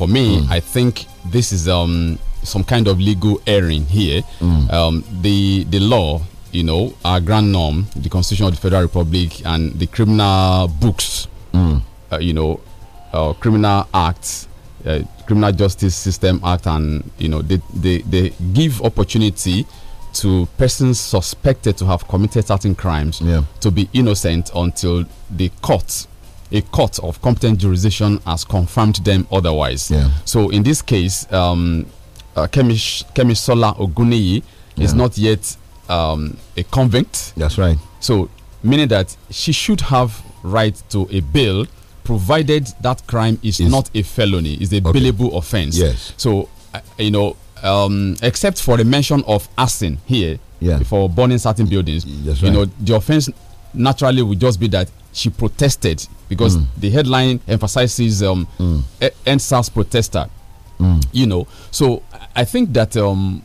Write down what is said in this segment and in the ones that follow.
for me, mm. I think this is um, some kind of legal erring here. Mm. Um, the the law, you know, our grand norm, the Constitution of the Federal Republic, and the criminal books, mm. uh, you know, uh, criminal acts, uh, criminal justice system act, and you know, they they, they give opportunity to persons suspected to have committed certain crimes yeah. to be innocent until the court a court of competent jurisdiction has confirmed them otherwise. Yeah. So in this case, um, uh, Kemish, Kemisola Oguniyi yeah. is not yet um, a convict. That's right. So meaning that she should have right to a bail provided that crime is, is not a felony, is a okay. billable offense. Yes. So, uh, you know, um, except for the mention of arson here yeah. for burning certain buildings, right. you know, the offense naturally would just be that she protested because mm. the headline emphasizes um, mm. NSAS protester. Mm. You know, so I think that um,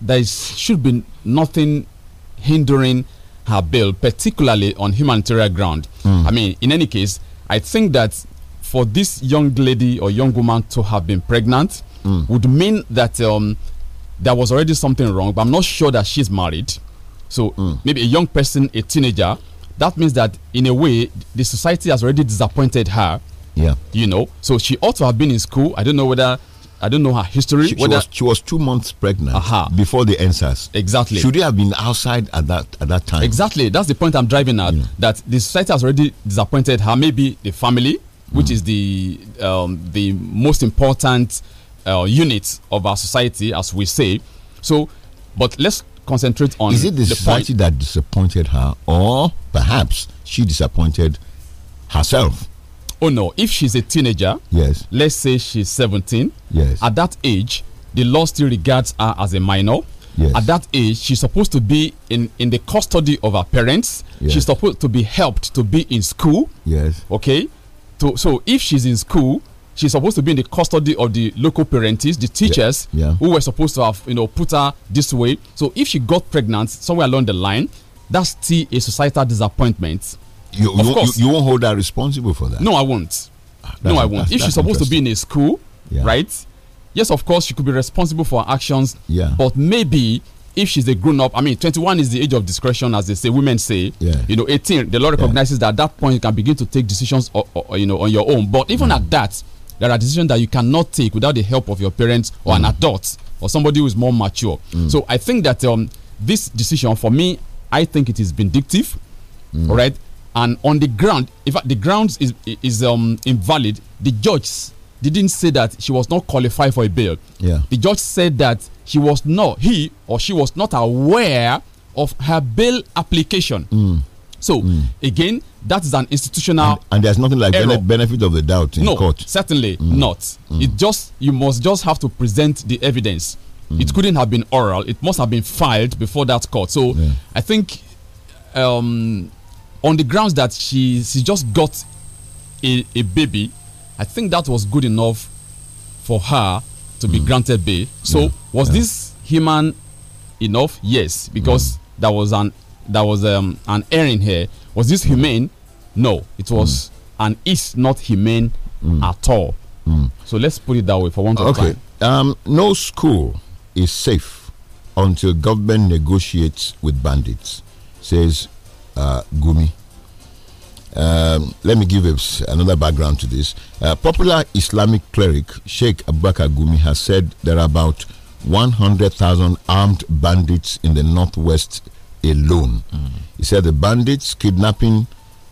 there is, should be nothing hindering her bill, particularly on humanitarian ground. Mm. I mean, in any case, I think that for this young lady or young woman to have been pregnant mm. would mean that um, there was already something wrong, but I'm not sure that she's married. So mm. maybe a young person, a teenager, that means that in a way the society has already disappointed her. Yeah. You know, so she ought to have been in school. I don't know whether I don't know her history. She, she, was, she was, two months pregnant uh -huh. before the answers. Exactly. Should you have been outside at that at that time? Exactly. That's the point I'm driving at. Yeah. That the society has already disappointed her. Maybe the family, mm. which is the um, the most important uh, unit of our society, as we say. So, but let's concentrate on. Is it the, the society that disappointed her, or perhaps she disappointed herself? Oh no! If she's a teenager, yes. Let's say she's seventeen. Yes. At that age, the law still regards her as a minor. Yes. At that age, she's supposed to be in, in the custody of her parents. Yes. She's supposed to be helped to be in school. Yes. Okay. so if she's in school, she's supposed to be in the custody of the local parentis, the teachers yeah. Yeah. who were supposed to have, you know, put her this way. So if she got pregnant somewhere along the line, that's still a societal disappointment. You, of you, course. You, you, won't hold her responsible for that. No, I won't. Ah, that's, no, I won't. if she's supposed to be in a school, yeah. right? Yes, of course, she could be responsible for her actions. Yeah. But maybe if she's a grown up, I mean, 21 is the age of discretion, as they say, women say. Yeah. You know, 18, the law recognizes yeah. that at that point you can begin to take decisions, or, or, you know, on your own. But even mm. at that, there are decisions that you cannot take without the help of your parents or mm. an adult or somebody who is more mature. Mm. So I think that um, this decision, for me, I think it is vindictive, mm. all right? And on the ground, in fact, the grounds is is um, invalid. The judge didn't say that she was not qualified for a bail. Yeah. The judge said that she was not he or she was not aware of her bail application. Mm. So mm. again, that is an institutional and, and there's nothing like error. benefit of the doubt in no, court. Certainly mm. not. Mm. It just you must just have to present the evidence. Hmm. It couldn't have been oral. It must have been filed before that court. So yeah. I think um, on the grounds that she she just got a, a baby, I think that was good enough for her to be hmm. granted bail. So yeah. was yeah. this human enough? Yes, because there was an that was um, an erring here. Was this humane? No, it was, mm. and it's not humane mm. at all. Mm. So let's put it that way for one okay. Um, no school is safe until government negotiates with bandits, says uh, Gumi. Um, let me give another background to this. Uh, popular Islamic cleric Sheikh Abubakar Gumi has said there are about 100,000 armed bandits in the northwest alone. Mm. He said the bandits kidnapping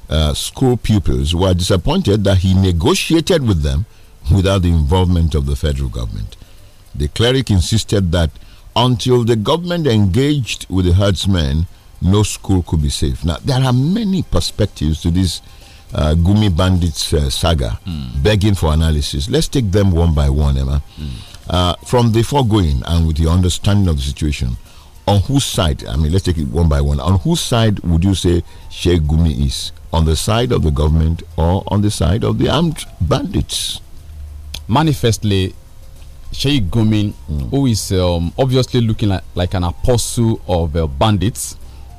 uh, school pupils were disappointed that he negotiated with them without the involvement of the federal government. The cleric insisted that until the government engaged with the herdsmen, no school could be safe. Now, there are many perspectives to this uh, Gumi Bandits uh, saga mm. begging for analysis. Let's take them one by one, Emma. Mm. Uh, from the foregoing and with the understanding of the situation, on whose side? I mean, let's take it one by one. On whose side would you say Sheikh Gumi is? On the side of the government or on the side of the armed bandits? Manifestly, Sheikh Gumi, mm. who is um, obviously looking like, like, an apostle of uh, bandits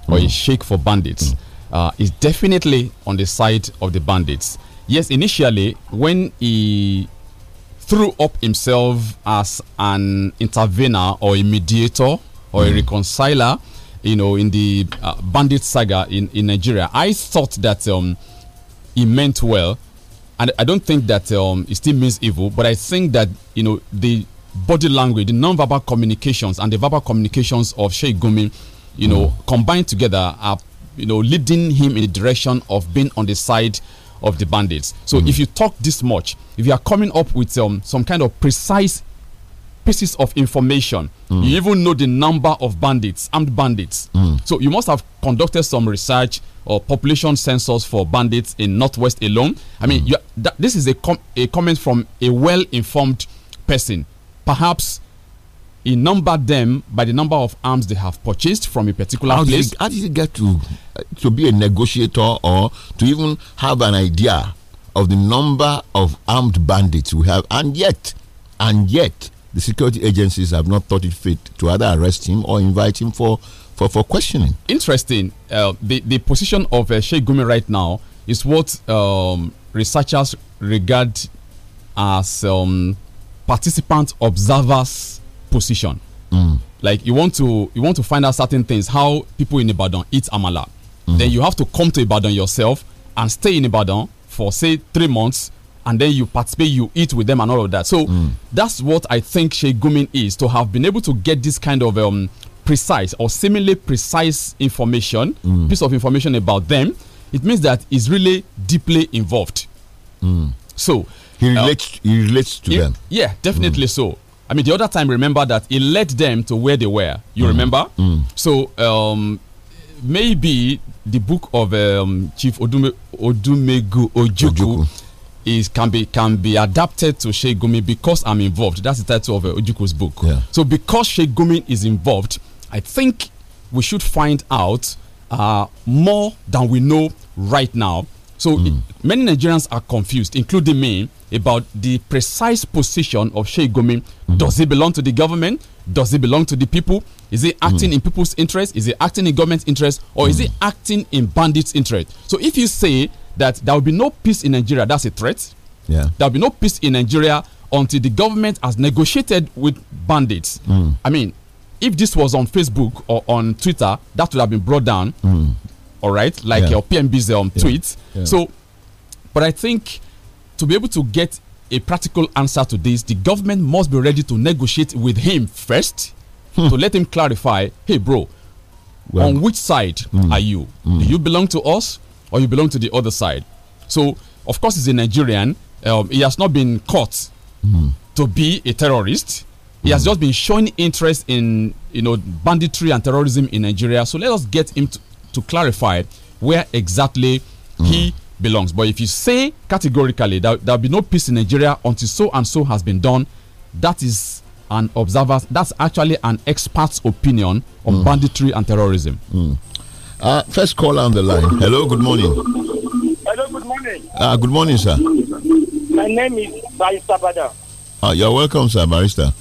or mm. a sheikh for bandits, mm. uh, is definitely on the side of the bandits. Yes, initially, when he threw up himself as an intervener or a mediator or a reconciler, you know, in the uh, bandit saga in, in Nigeria. I thought that um, he meant well, and I don't think that um, it still means evil, but I think that, you know, the body language, the non-verbal communications and the verbal communications of Sheikh Gumi, you know, mm. combined together are, you know, leading him in the direction of being on the side of the bandits. So mm. if you talk this much, if you are coming up with um, some kind of precise pieces of information. Mm. You even know the number of bandits, armed bandits. Mm. So you must have conducted some research or population census for bandits in Northwest alone. I mean, mm. you, that, this is a, com a comment from a well informed person. Perhaps he numbered them by the number of arms they have purchased from a particular how place. Did he, how did he get to to be a negotiator or to even have an idea of the number of armed bandits we have? And yet, and yet, the security agencies have not thought it fit to either arrest him or invite him for for, for questioning. Interesting. Uh, the the position of uh, Sheikh Gumi right now is what um, researchers regard as um, participant observers position. Mm. Like you want to you want to find out certain things how people in Ibadan eat amala. Mm -hmm. Then you have to come to Ibadan yourself and stay in Ibadan for say 3 months and then you participate, you eat with them, and all of that. So mm. that's what I think Sheikh Gumin is to have been able to get this kind of um, precise or seemingly precise information, mm. piece of information about them. It means that he's really deeply involved. Mm. So he uh, relates, uh, he relates to he, them. Yeah, definitely mm. so. I mean, the other time, remember that he led them to where they were. You mm. remember? Mm. So um, maybe the book of um, Chief Odume, Odumegu Ojuku is can be can be adapted to Shegumi because I'm involved. That's the title of uh, book. Yeah. So because Shegumi is involved, I think we should find out uh, more than we know right now. So mm. many Nigerians are confused, including me, about the precise position of Shegumi. Mm. Does he belong to the government? Does he belong to the people? Is he acting mm. in people's interest? Is he acting in government's interest? Or is he hmm. acting in bandits' interest? So if you say that there will be no peace in Nigeria. That's a threat. Yeah. There will be no peace in Nigeria until the government has negotiated with bandits. Mm. I mean, if this was on Facebook or on Twitter, that would have been brought down. Mm. All right, like yeah. your PMB's um, yeah. tweets. Yeah. So, but I think to be able to get a practical answer to this, the government must be ready to negotiate with him first hmm. to let him clarify, hey, bro, well, on which side mm. are you? Mm. Do you belong to us or you belong to the other side. So, of course, he's a Nigerian. Um, he has not been caught mm. to be a terrorist. He mm. has hmm. just been showing interest in you know banditry and terrorism in Nigeria. So let us get him to, to clarify where exactly mm. he belongs. But if you say categorically that there will be no peace in Nigeria until so and so has been done, that is an observer. That's actually an expert's opinion on hmm. banditry and terrorism. Hmm. Uh, first caller on the line. Hello, good morning. Hello, good morning. Uh, good morning, sir. My name is Barista Bada. Uh, ah, you're welcome, sir, Barista.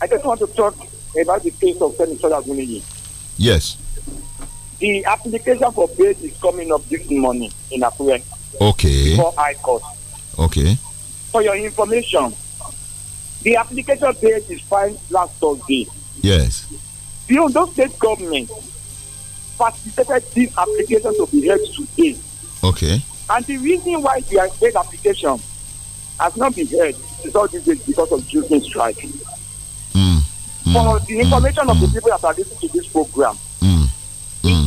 I just want to talk about the case of Senator Aguniji. Yes. The application for bail is coming up this morning in Akure. Okay. For High Court. Okay. For your information, the application date is filed last Thursday. Yes. The Ondo State government facilitated this applications to be held today. Okay. And the reason why the held application has not been heard is all this is because of June strike. Mm, For the hmm. information mm, of the hmm. people that are listening to this program,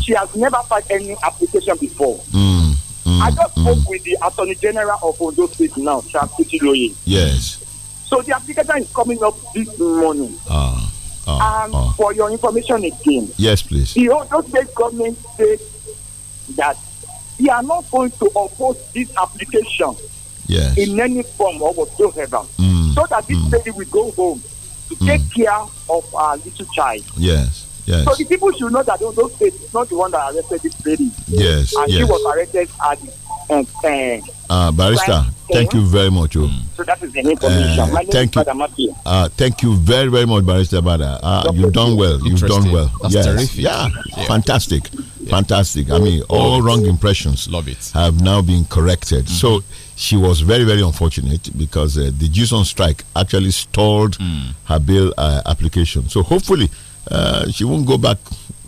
she has never filed any application before. I just spoke with the Attorney General of Ondo State now, Charles Kutiloye. Yes. So the application is coming up this morning. Ah. Uh, um, uh. For your information again. Yes, please. The Ondo State government said that we are not going to oppose this application yes. in any form or whatsoever. Mm. So that this mm. lady will go home to mm. take care of our little child. Yes. Yes. So the people should know that Ondo State is not the one that arrested this lady. Yes. And yes. she was arrested at the uh, uh uh, Barista, thank you very much. Oh. So that is the information. Uh, My name thank is you. Uh, thank you very, very much, Barista Bada. Uh, you've done well. You've done well. That's yes. terrific. Yeah. yeah. fantastic. Yeah. Fantastic. I mean, all Love wrong it. impressions Love it. have now been corrected. Mm. So she was very, very unfortunate because uh, the Jews on strike actually stalled mm. her bail uh, application. So hopefully uh, she won't go back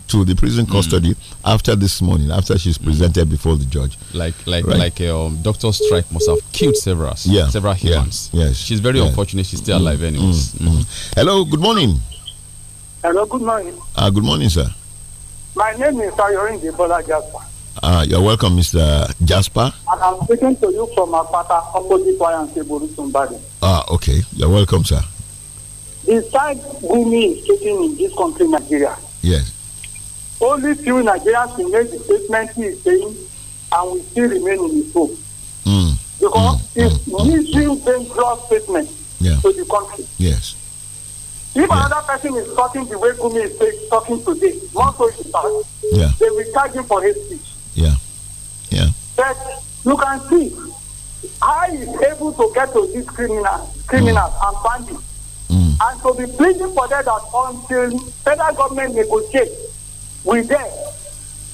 to the prison hmm. custody mm. after this morning, after she's hmm. presented mm. before the judge. Like like right? like um, Doctor Strike must have killed several yeah. several humans. Yeah. Yes, she's very yeah. unfortunate. She's still mm. alive, anyways. Mm, mm. Hello, good morning. Hello, good morning. Uh, good morning, sir. My name is Ayorin Debola Jasper. Uh, you're welcome, Mr. Jasper. And I'm speaking to you from Apata, opposite Wayanseburu, Sumbari. Ah, okay. You're welcome, sir. The side Gumi is taking in this country, Nigeria. Yes only few Nigerians will make the statement he is saying and we still remain in the hope. Mm. Because mm. it's mm. mm. dangerous statement yeah. to the country. Yes. If yeah. another person is talking the way Gumi is talking today, not so is yeah. they will charge him for his speech. Yeah. Yeah. But you can see how he is able to get to these criminals, criminals mm. and bandits. Mm. And to be pleading for that until federal government negotiate with them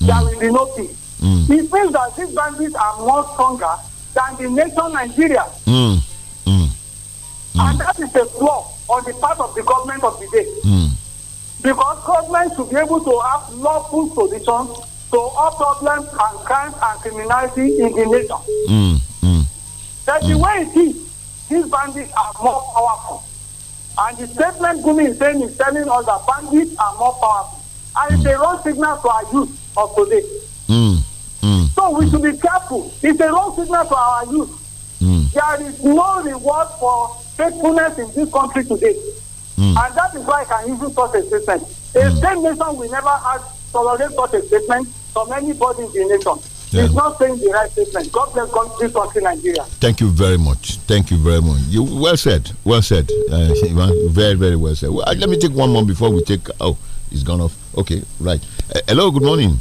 mm. will be noticed. Mm. It seems that these bandits are more stronger than the nation Nigeria. Mm. mm. mm. And that is a flaw on the part of the government of the day. Mm. Because government should be able to have lawful solutions to all problems and crimes and criminality in the nation. That's the way it is. These bandits are more powerful. And the statement Gumi is saying is telling us that bandits are more powerful and it's a wrong signal for our youth of today. Mm. Mm. So we should be careful. It's a wrong signal for our youth. Hmm. There is no reward for faithfulness in this country today. Hmm. And that is why I can even such a statement. A hmm. same nation will never have tolerate such a statement from anybody in the nation. Yeah. It's not saying the right statement. God bless country, country, Nigeria. Thank you very much. Thank you very much. You well said. Well said. Uh, very, very well said. Well, uh, let me take one more before we take. Oh, it's gone off. Okay, right. Uh, hello, good morning.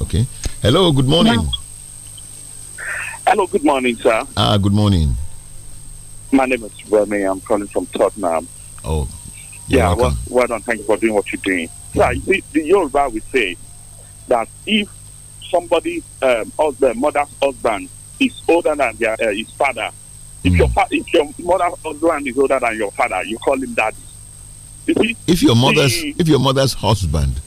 Okay. Hello, good morning. Hello, good morning, sir. Ah, good morning. My name is Remy. I'm calling from Tottenham. Oh, yeah. Welcome. Well, well done. Thank you for doing what you're doing. Yeah, you see, the Yoruba we say that if somebody's um, husband, mother's husband is older than their, uh, his father, if, mm. your fa if your mother's husband is older than your father, you call him daddy if your mother's the, if your mother's husband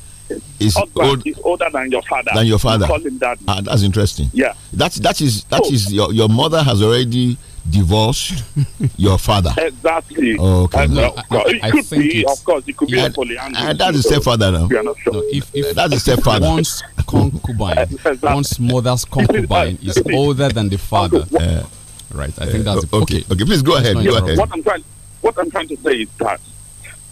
is, husband old, is older than your father, than your father, Call him that. ah, that's interesting. Yeah, that's that is that so, is your your mother has already divorced your father. Exactly. Oh, okay. No, uh, I, I, it could be, of course, it could yeah, be a polyandry. that's a stepfather now. Sure. if, if, that's a stepfather. once concubine, exactly. one's mother's concubine is older than the father. Uh, right. I think that's okay. Okay. okay. Please go ahead. Go ahead. What I'm trying, what I'm trying to say is that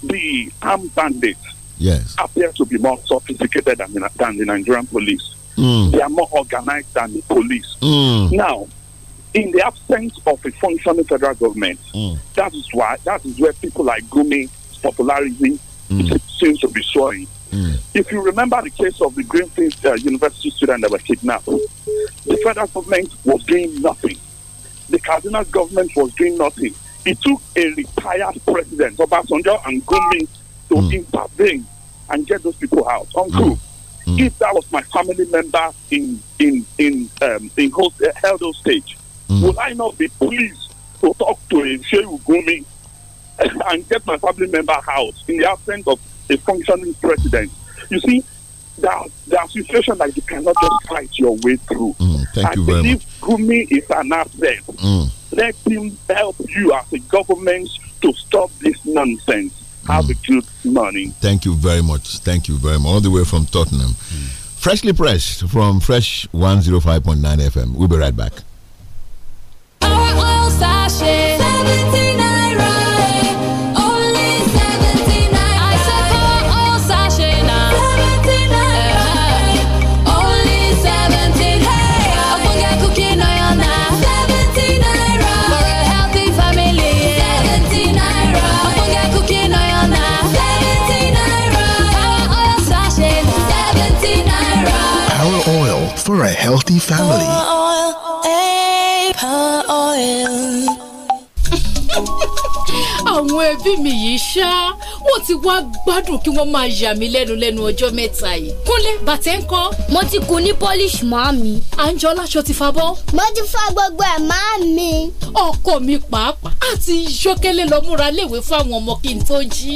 the armed bandits yes. appear to be more sophisticated than, than the Nigerian police. Mm. They are more organized than the police. Mm. Now, in the absence of a functioning federal government, mm. that is why that is where people like Gumi's popularity hmm. seems to be soaring. Hmm. If you remember the case of the Greenfield uh, University student that was kidnapped, the federal government was doing nothing. The Kaduna government was doing nothing. It took a retired president, Obasanjo and Gumi, to mm. intervene and get those people out. Uncle, mm. if that was my family member in in in um, in host, uh, stage, mm. would I not be pleased to talk to a Shehu Gumi and get my family member out in the absence of a functioning president? You see, there there are situations that you cannot just fight your way through. Mm, thank I you very much. Gumi is an asset. Mm. Let him help you as a government to stop this nonsense. Mm. Have a hmm. good morning. Thank you very much. Thank you very much. All the way from Tottenham. Mm. Freshly pressed from Fresh 105.9 FM. We'll be right back. for a healthy family. Oil, oil, àwọn ẹbí mi yìí ṣá wọn ti wá gbádùn kí wọn máa yà mí lẹ́nu lẹ́nu ọjọ́ mẹ́ta yìí. kúnlẹ̀ bàtẹ́ ń kọ́. mo ti kun ní polish máa mi. àǹjọ láṣọ ti fa bọ́. mo ti fa gbogbo ẹ̀ máa mi. ọkọ mi pàápàá àti yọkẹlẹ lọ múra léwe fáwọn ọmọ kí n tó jí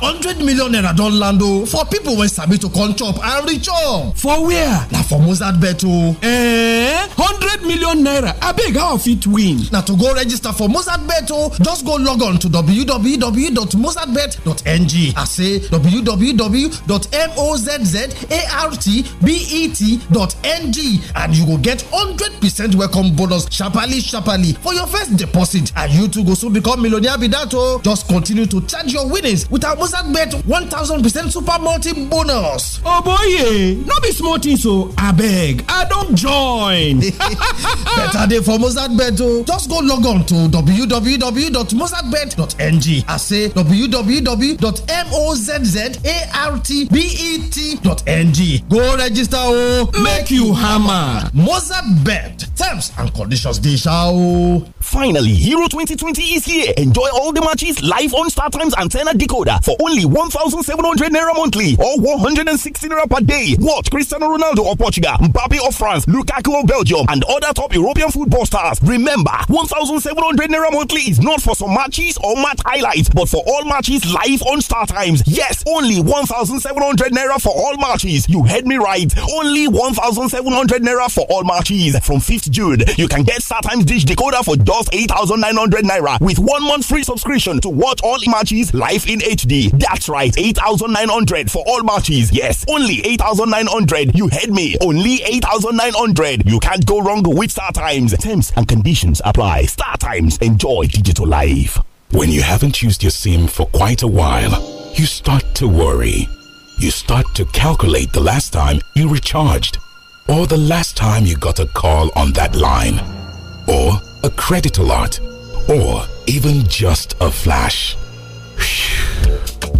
hundred million naira don land o for people wey sabi to come chop and reach up. for where? na for mozart bet o. Eh, hundred million naira abeg how i fit win? na to go register for mozart bet o just go log on to www.mozartbet.ng as say www.mozzartbet.ng and you go get hundred percent welcome bonus sharparly sharparly for your first deposit and you too go soon become millionaire be that o. just continue to charge your winnings without. our hausa bet one thousand percent super multi bonus. oh boy no be small thing so beg, i don't join. better day for mozart bet o oh. just go log on to www.mozartbet.ng I say www.mozzartbet.ng go register Oh, make you hammer mozart bet terms and conditions dey sha oh. finally hero 2020 is here enjoy all the matches live on star times antenna decoder for only 1,700 naira monthly or 160 naira per day. Watch Cristiano Ronaldo of Portugal, Mbappe of France, Lukaku of Belgium, and other top European football stars. Remember, 1,700 naira monthly is not for some matches or match highlights, but for all matches live on Star Times. Yes, only 1,700 naira for all matches. You heard me right. Only 1,700 naira for all matches. From 5th June, you can get Star Times Dish Decoder for just 8,900 naira with one month free subscription to watch all matches live in HD. That's right, 8,900 for all matches. Yes, only 8,900. You heard me. Only 8,900. You can't go wrong with Star Times. Terms and conditions apply. Star Times. Enjoy digital life. When you haven't used your SIM for quite a while, you start to worry. You start to calculate the last time you recharged, or the last time you got a call on that line, or a credit alert, or even just a flash.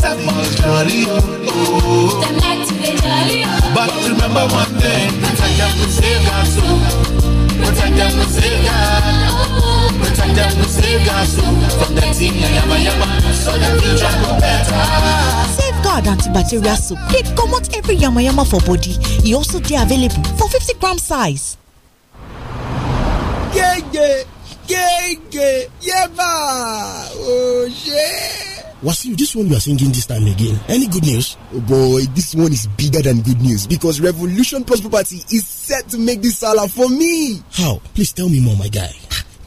set must jolly oh. Them like to be jolly oh. But remember one thing, protect them to save our Protect them to save Protect them to save our from the thing yama yama, so the future go better. Safeguard antibacterial soap. They come out every yama yama for body. It also they available for 50 gram size. Yeah, yeah, yeah, yeah, yeah, yeah, oh, yeah. Was you this one you are singing this time again? Any good news? Oh boy, this one is bigger than good news because Revolution Plus Property is set to make this salah for me. How? Please tell me more, my guy.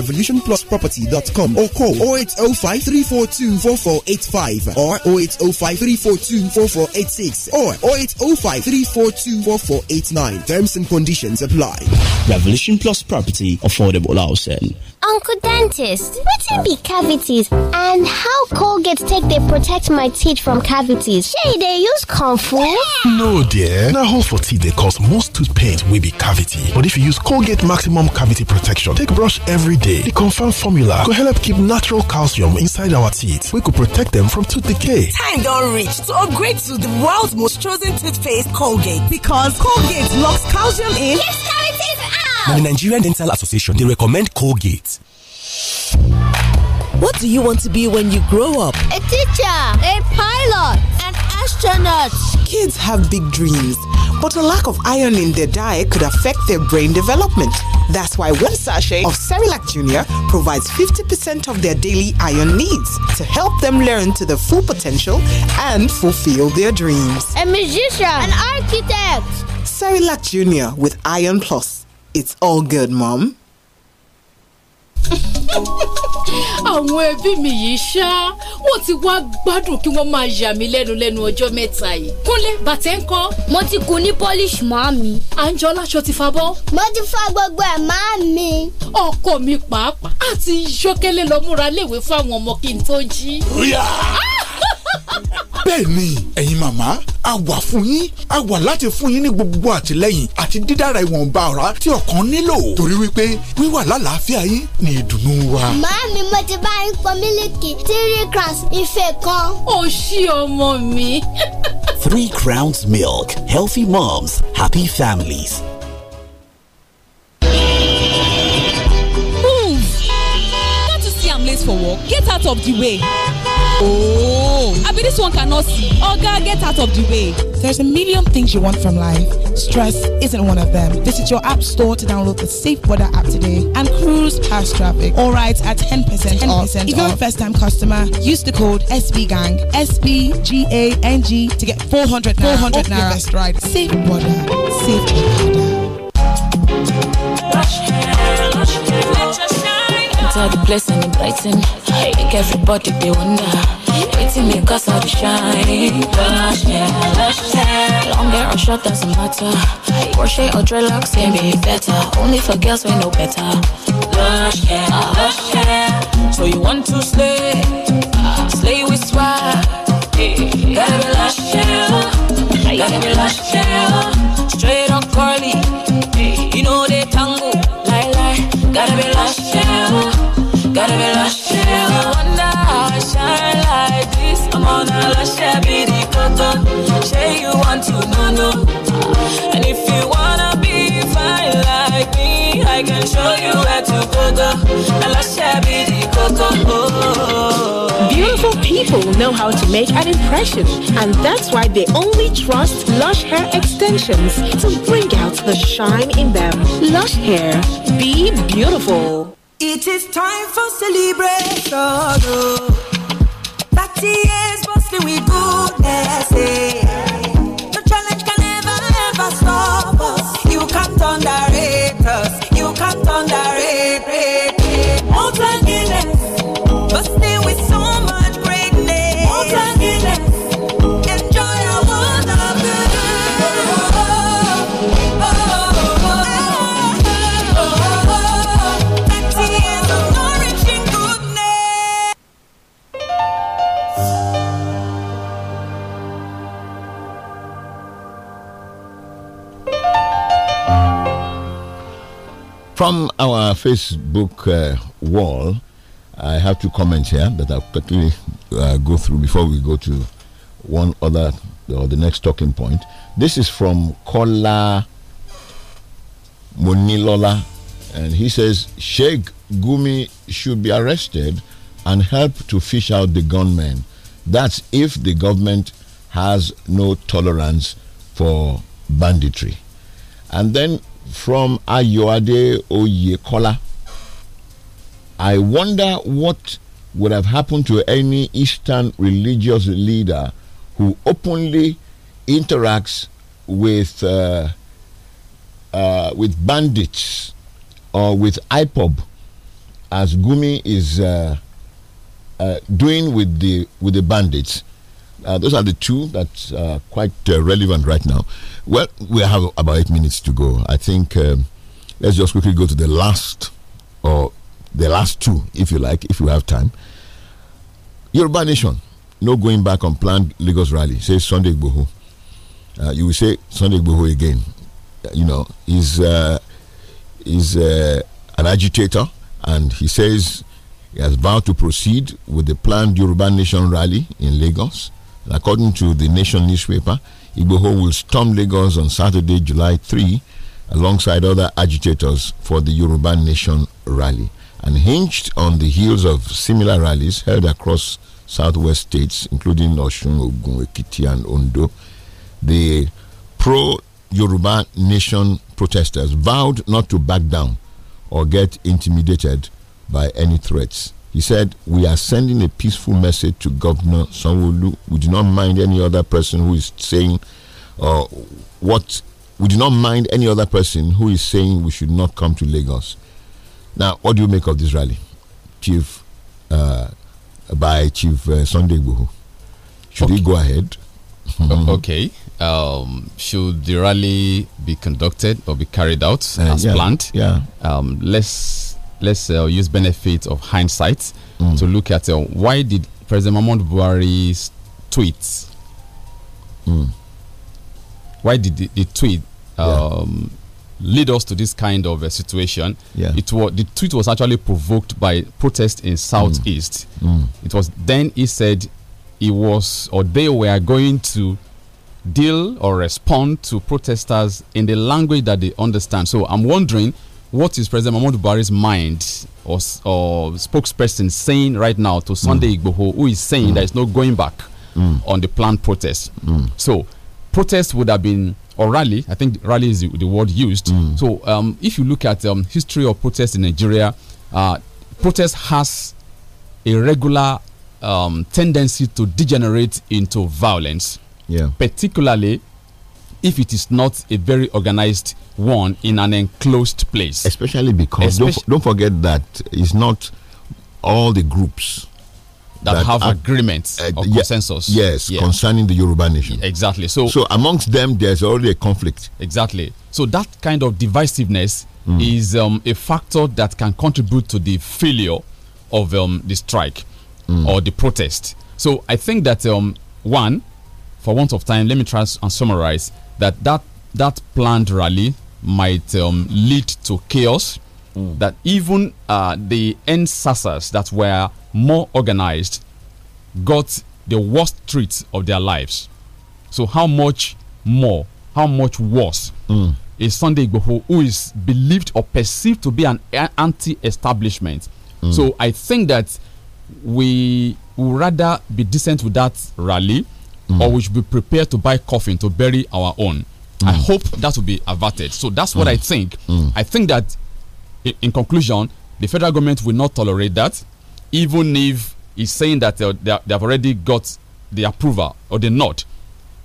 revolutionplusproperty.com or call 0805 342 4485 or 0805 342 4486 or 0805 342 4489. Terms and conditions apply. Revolution Plus Property Affordable Housing. Uncle Dentist, what can be cavities and how Colgate take they protect my teeth from cavities? Shay, they use Comfu? No, dear. Now, hole for teeth they cause most tooth pain will be cavity. But if you use Colgate Maximum Cavity Protection, take brush every day day. The confirmed formula could help keep natural calcium inside our teeth. We could protect them from tooth decay. Time don't reach to upgrade to the world's most chosen toothpaste, Colgate. Because Colgate locks calcium in. Yes, out! the Nigerian Dental Association, they recommend Colgate. What do you want to be when you grow up? A teacher, a pilot, Kids have big dreams, but a lack of iron in their diet could affect their brain development. That's why one sachet of Cerilac Junior provides 50% of their daily iron needs to help them learn to their full potential and fulfill their dreams. A musician, an architect. Cerilac Junior with Iron Plus. It's all good, Mom. àwọn ẹbí mi yìí ṣá wọ́n ti wá gbádùn kí wọ́n máa yà mí lẹ́nu lẹ́nu ọjọ́ mẹ́ta yìí. kúnlẹ̀ bàtẹ́ ń kọ́. mo ti kun ní polish máa mi. àǹjọ láṣọ ti fa bọ́. mo ti fa gbogbo ẹ̀ máa mi. ọkọ mi pàápàá àti yọkẹlẹ lọ múra léwe fáwọn ọmọ kí n tó jí. ríà bẹ́ẹ̀ni ẹ̀yin màmá a wà fún yín a wà láti fún yín ní gbogbo àtìlẹ́yìn àti dídára ìwọ̀nba ọ̀rá tí ọkàn nílò torí wípé wíwà lálàáfíà yín ni ìdùnnú wa. màámi mo ti bá yín pọn mílìkì three crowns ife kan. ó ṣí ọmọ mi. three crowns milk healthy moms happy families. move! Not to see I'm late for work. Get out of the way. Oh. I bet this one cannot see. Oh, girl, get out of the way. There's a million things you want from life. Stress isn't one of them. Visit your app store to download the Safe Water app today and cruise past traffic. All rides at 10%, 10% off. If you're a first time customer, use the code SBGANG, SBGANG to get 400 naira. 400 naira. Safe Border. Safe Border. all the blessing and blighting. Make everybody they wonder. Waiting me cause all the shine. Lush, yeah, lush, yeah. Long hair or short doesn't matter. Porsche or dreadlocks can be better. Only for girls we know better. Lush, yeah, lush, yeah. So you want to slay? Slay with swag. Gotta be lush, yeah. Gotta be lush, yeah. Straight or curly. You know they tango. Lie, lie. Gotta be lush, yeah. Gotta be lush, wonder how I shine like this. I'm on a lush, be the cotton. Say you want to know, no. And if you wanna be fine like me, I can show you where to go, go. A lush, be the cotton. Beautiful people know how to make an impression, and that's why they only trust Lush Hair Extensions to bring out the shine in them. Lush Hair, be beautiful. It is time for celebration. 30 years bustling with goodness. From our Facebook uh, wall, I have two comments here that I'll quickly uh, go through before we go to one other or the next talking point. This is from Kola Monilola, and he says Sheikh Gumi should be arrested and help to fish out the gunmen. That's if the government has no tolerance for banditry. And then from Ayoade Oyekola. I wonder what would have happened to any Eastern religious leader who openly interacts with uh, uh, with bandits or with IPOB, as Gumi is uh, uh, doing with the with the bandits. Uh, those are the two that are quite uh, relevant right now. Well, we have about eight minutes to go. I think um, let's just quickly go to the last or the last two, if you like, if you have time. Yoruba Nation, no going back on planned Lagos rally, says Sunday Boho. Uh, you will say Sunday Boho again. Uh, you know, he's, uh, he's uh, an agitator, and he says he has vowed to proceed with the planned Yoruba Nation rally in Lagos. According to the Nation newspaper, Igboho will storm Lagos on Saturday, July 3, alongside other agitators for the Yoruba Nation rally. And hinged on the heels of similar rallies held across southwest states, including Osun, Ogun, Ekiti, and Ondo, the pro Yoruba Nation protesters vowed not to back down or get intimidated by any threats. He said, We are sending a peaceful message to Governor Sanwoolu. We do not mind any other person who is saying uh, what we do not mind any other person who is saying we should not come to Lagos. Now, what do you make of this rally, Chief? Uh, by Chief uh, Sunday Buhu. Should okay. we go ahead? okay. Um, should the rally be conducted or be carried out uh, as yeah, planned? Yeah. Um, let's let's uh, use benefit of hindsight mm. to look at uh, why did President Mahmoud Buhari's tweet, Mm. Why did the, the tweet um, yeah. lead us to this kind of a uh, situation? Yeah. It was the tweet was actually provoked by protest in Southeast. Mm. mm. It was then he said he was or they were going to deal or respond to protesters in the language that they understand. So I'm wondering what is President Mahmoud Buhari's mind or, or spokesperson saying right now to Sunday mm. Igboho, who is saying mm. there is no going back mm. on the planned protest? Mm. So, protest would have been or rally. I think rally is the, the word used. Mm. So, um, if you look at um, history of protest in Nigeria, uh, protest has a regular um, tendency to degenerate into violence. Yeah. Particularly if it is not a very organized one in an enclosed place. Especially because don't, don't forget that it's not all the groups that, that have agreements uh, or yeah, consensus. Yes, yeah. concerning the Yoruba nation. Exactly. So, so amongst them, there's already a conflict. Exactly. So that kind of divisiveness mm. is um, a factor that can contribute to the failure of um, the strike mm. or the protest. So I think that um, one, for want of time, let me try and summarize that that, that planned rally might um, lead to chaos. Mm. That even uh, the NSASers that were more organized got the worst treats of their lives. So, how much more, how much worse mm. is Sunday Igboho, who is believed or perceived to be an anti establishment? Mm. So, I think that we would rather be decent with that rally mm. or we should be prepared to buy coffin to bury our own. Mm. I hope that will be averted. So that's what mm. I think. Mm. I think that, in conclusion, the federal government will not tolerate that, even if it's saying that uh, they, they, they have already got the approval or the nod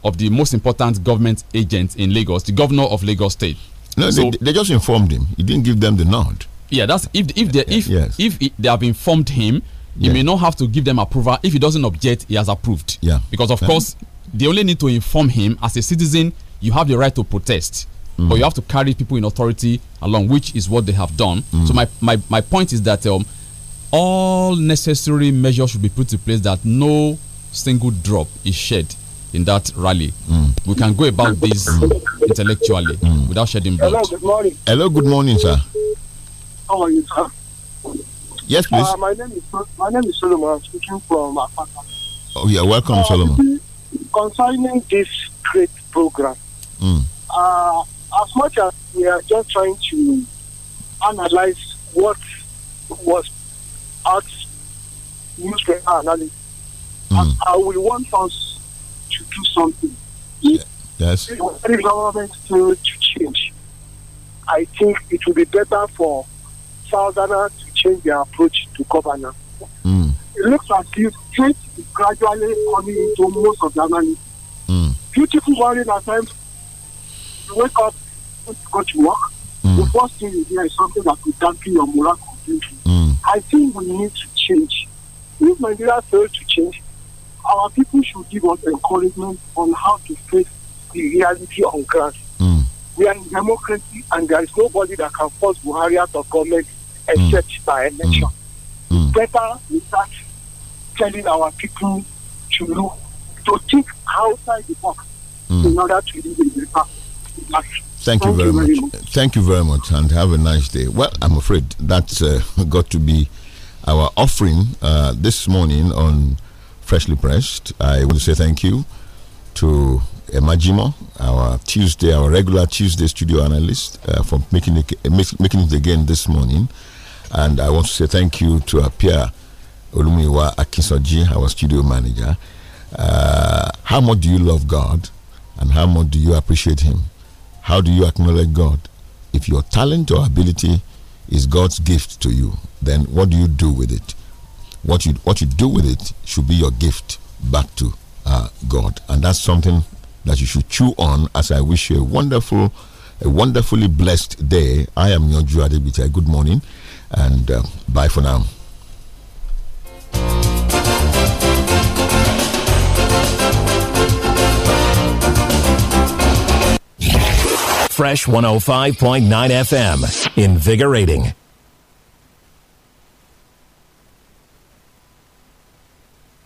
of the most important government agent in Lagos, the governor of Lagos State. No, so, they, they, just informed him. He didn't give them the nod. Yeah, that's if if they if yes. if they have informed him, you yeah. may not have to give them approval. If he doesn't object, he has approved. Yeah. Because, of yeah. course, they only need to inform him as a citizen, you have the right to protest. Mm. But mm-hmm. you have to carry people in authority along, which is what they have done. Mm. So, mm-hmm. my, my, my point is that um, all necessary measures should be put in place that no single drop is shed in that rally. Mm. We can go about this intellectually mm. without shedding blood. Hello, good morning. Hello, good morning, sir. How are you, sir? Yes, please. Uh, my name is my name is Solomon. I'm speaking from Apata. Oh yeah, welcome, uh, Solomon. Concerning this great program, mm. uh, as much as we are just trying to analyze what was at newspaper analysis, mm. and we want us to do something. If the government to change, I think it will be better for Southerners to change their approach to governance. Mm. It looks as if faith is gradually coming into most of the analysis. Mm. Beautiful morning at times, you wake up, you go to work, mm. the first thing you hear is something that will dampen your morale completely. Mm. I think we need to change. If Nigeria fails to change, our people should give us encouragement on how to face the reality on ground. Mm. We are in democracy and there is nobody that can force Buhari out of government except mm. by election. Mm. mm. Better is telling our people to look, to think outside the box mm. in order to live in the past. Thank, you very, much. Thank you very much, and have a nice day. Well, I'm afraid that's uh, got to be our offering uh, this morning on Freshly Pressed. I want to say thank you to Emajimo, our Tuesday, our regular Tuesday studio analyst, uh, for making it, making it again this morning. And I want to say thank you to our uh, Olumiwa Akinsoji, our studio manager. Uh, how much do you love God and how much do you appreciate Him? How do you acknowledge God? If your talent or ability is God's gift to you, then what do you do with it? What you, what you do with it should be your gift back to uh, God. And that's something that you should chew on as I wish you a wonderful, a wonderfully blessed day. I am your Adebita. Good morning and uh, bye for now. Fresh 105.9 FM. Invigorating.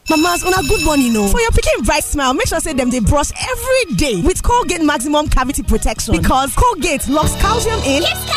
Mamas, on a good morning, you know. For your picking bright smile, make sure say them they brush every day with Colgate Maximum Cavity Protection because Colgate locks calcium in. Yes,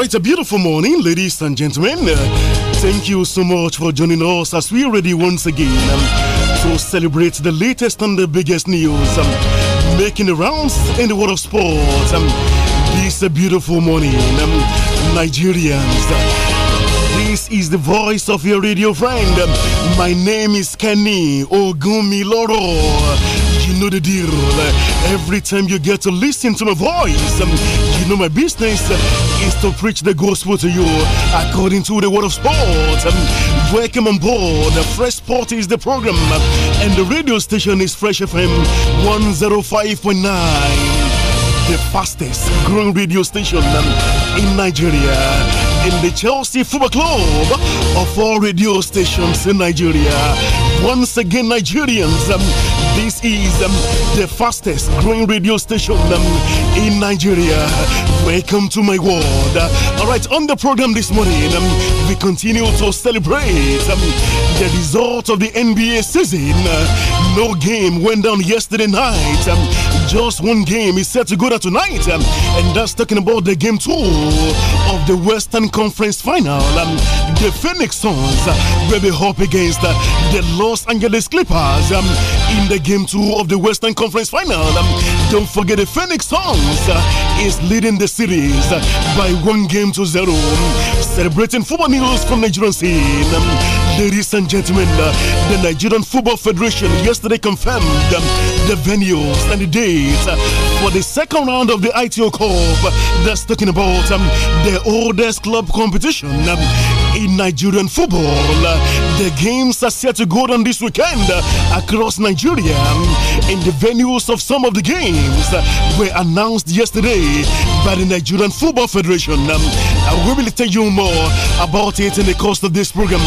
right, it's a beautiful morning, ladies and gentlemen. Uh, thank you so much for joining us as we ready once again um, to celebrate the latest and the biggest news um, making the rounds in the world of sports. Um, this a beautiful morning, um, Nigerians. Uh, this is the voice of your radio friend. Um, my name is Kenny Ogumiloro. You know the deal. Uh, every time you get to listen to my voice um, no, my business is to preach the gospel to you according to the word of sport. Um, Welcome on board. Fresh Sport is the program, and the radio station is Fresh FM 105.9 the fastest growing radio station um, in Nigeria. In the Chelsea Football Club of all radio stations in Nigeria. Once again, Nigerians. Um, this is um, the fastest growing radio station um, in Nigeria. Welcome to my world. Uh, all right, on the program this morning, um, we continue to celebrate um, the result of the NBA season. Uh, no game went down yesterday night um, just one game is set to go there tonight, um, and that's talking about the game two of the Western Conference Final. Um, the Phoenix Suns will be up against uh, the Los Angeles Clippers um, in the game two of the Western Conference Final. Um. don't forget the Phoenix Suns uh, is leading the series uh, by one game to zero. Celebrating football news from Nigerian scene. Um. Ladies and gentlemen, uh, the Nigerian Football Federation yesterday confirmed um, the venues and the day for the second round of the ITO Cup. That's talking about um, the oldest club competition um, in Nigerian football. The games are set to go on this weekend across Nigeria. And the venues of some of the games were announced yesterday by the Nigerian Football Federation. Um, I will tell you more about it in the course of this program.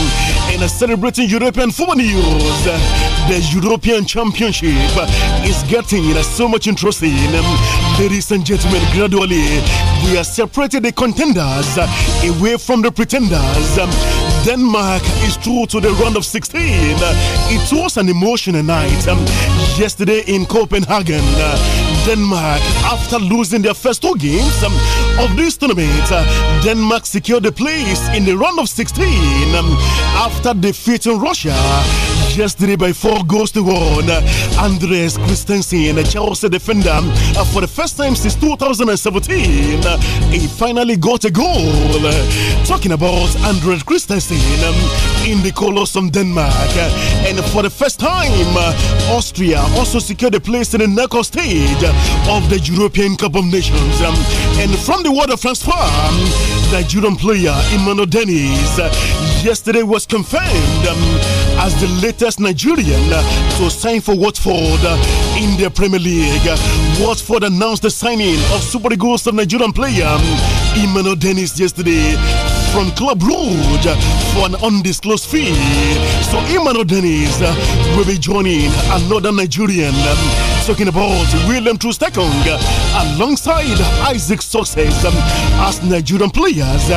And celebrating European football news, the European Championship is getting so much interesting. Um, ladies and gentlemen, gradually we are separating the contenders away from the pretenders. Um, Denmark is through to the round of 16. It was an emotional night um, yesterday in Copenhagen. Denmark, after losing their first two games um, of this tournament, uh, Denmark secured the place in the round of 16 um, after defeating Russia yesterday by four goals to one. Andreas Christensen, a Chelsea defender, uh, for the first time since 2017, he finally got a goal. Talking about Andreas Christensen um, in the colours of Denmark, and for the first time, uh, Austria also secured a place in the knockout stage of the European Cup of Nations. Um, and from the world of transfer, um, Nigerian player Emmanuel Dennis uh, yesterday was confirmed as the latest Nigerian to sign for Watford in the Premier League. Watford announced the signing of Super Eagles of Nigerian player Emmanuel Dennis yesterday from Club Rouge for an undisclosed fee. So Emmanuel Dennis will be joining another Nigerian talking about William Trustekong alongside Isaac Success as Nigerian players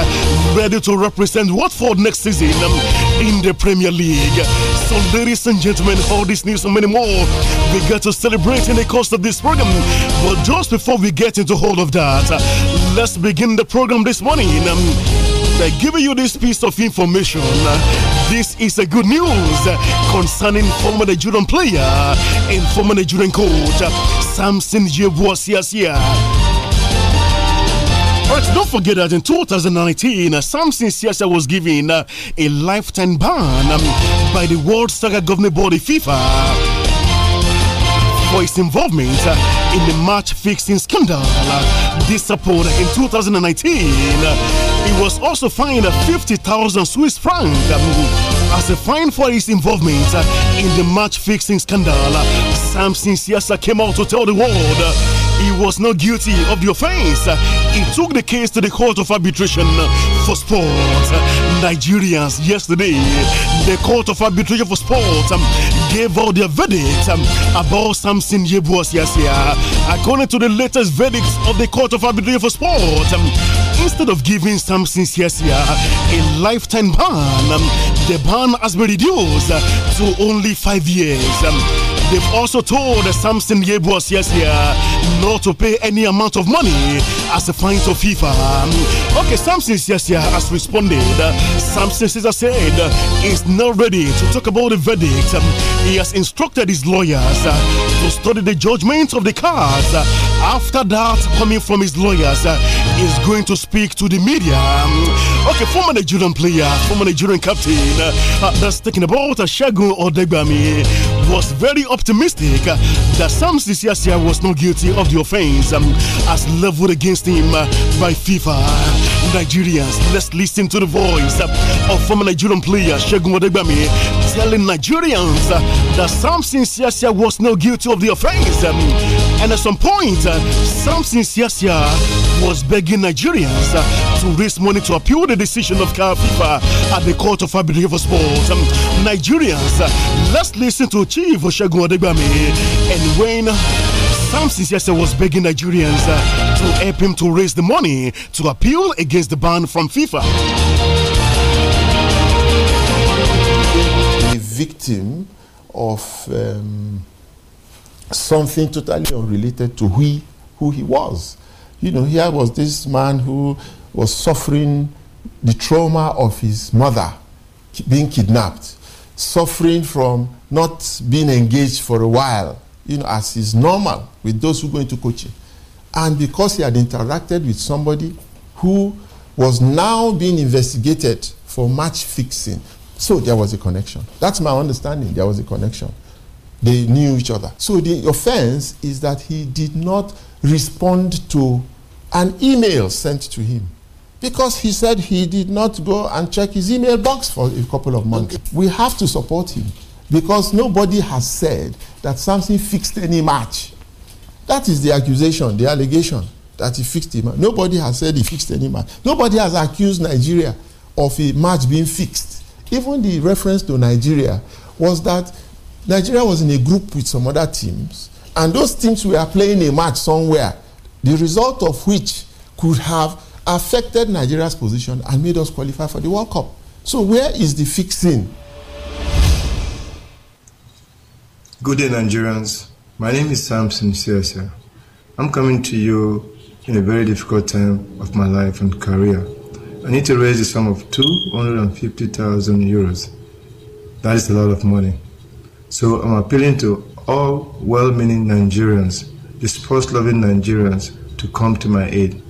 ready to represent Watford next season in the Premier League. So, ladies and gentlemen, all this news and many more, we got to celebrate in the course of this program. But just before we get into all of that, let's begin the program this morning uh, giving you this piece of information. This is a good news concerning former Nigerian player and former Nigerian coach Samson Yeboah all right, don't forget that in 2019, Samson Siasa was given a lifetime ban by the World Soccer Governing Body FIFA for his involvement in the match fixing scandal. this support in 2019 he was also fined 50,000 Swiss francs as a fine for his involvement in the match fixing scandal. Samson Siasa came out to tell the world he was not guilty of the offense. He took the case to the court of arbitration for sport. Nigerians yesterday, the court of arbitration for sport gave out their verdict about Samson Yebuas According to the latest verdict of the court of arbitration for sport, Instead of giving Samson Siasia a lifetime ban, um, the ban has been reduced to only five years um, They've also told Samson Yeboas yes here not to pay any amount of money as a fine to FIFA. Okay, Samson yes has responded. Samson I said is not ready to talk about the verdict. He has instructed his lawyers to study the judgment of the cards. After that, coming from his lawyers, he's going to speak to the media. Okay, former Nigerian player, former Nigerian captain, uh, that's taking about a Shagun or Odegbami was very optimistic that Sam Sisiasia was not guilty of the offense um, as leveled against him uh, by FIFA. Nigerians, let's listen to the voice uh, of former Nigerian player Shegun Odegbami telling Nigerians uh, that Sam Sisiasia was not guilty of the offense. Um, and at some point, Sam Sisiasia was begging Nigerians uh, to raise money to appeal the decision of FIFA at the Court of Arbitration for Sport. Um, Nigerians, uh, let's listen to Chief Oshagun Adegbami and when Samson yesterday was begging Nigerians uh, to help him to raise the money to appeal against the ban from FIFA. A victim of um, something totally unrelated to who he, who he was you know, here was this man who was suffering the trauma of his mother being kidnapped, suffering from not being engaged for a while, you know, as is normal with those who go into coaching. And because he had interacted with somebody who was now being investigated for match fixing. So there was a connection. That's my understanding. There was a connection. They knew each other. So the offense is that he did not respond to an email sent to him because he said he did not go and check his email box for a couple of months. We have to support him because nobody has said that something fixed any match. That is the accusation, the allegation that he fixed him. match. Nobody has said he fixed any match. Nobody has accused Nigeria of a match being fixed. Even the reference to Nigeria was that Nigeria was in a group with some other teams, and those teams were playing a match somewhere, the result of which could have affected Nigeria's position and made us qualify for the World Cup. So, where is the fixing? Good day, Nigerians. My name is Samson Siasia. I'm coming to you in a very difficult time of my life and career. I need to raise the sum of 250,000 euros. That is a lot of money. So I'm appealing to all well meaning Nigerians, the sports loving Nigerians, to come to my aid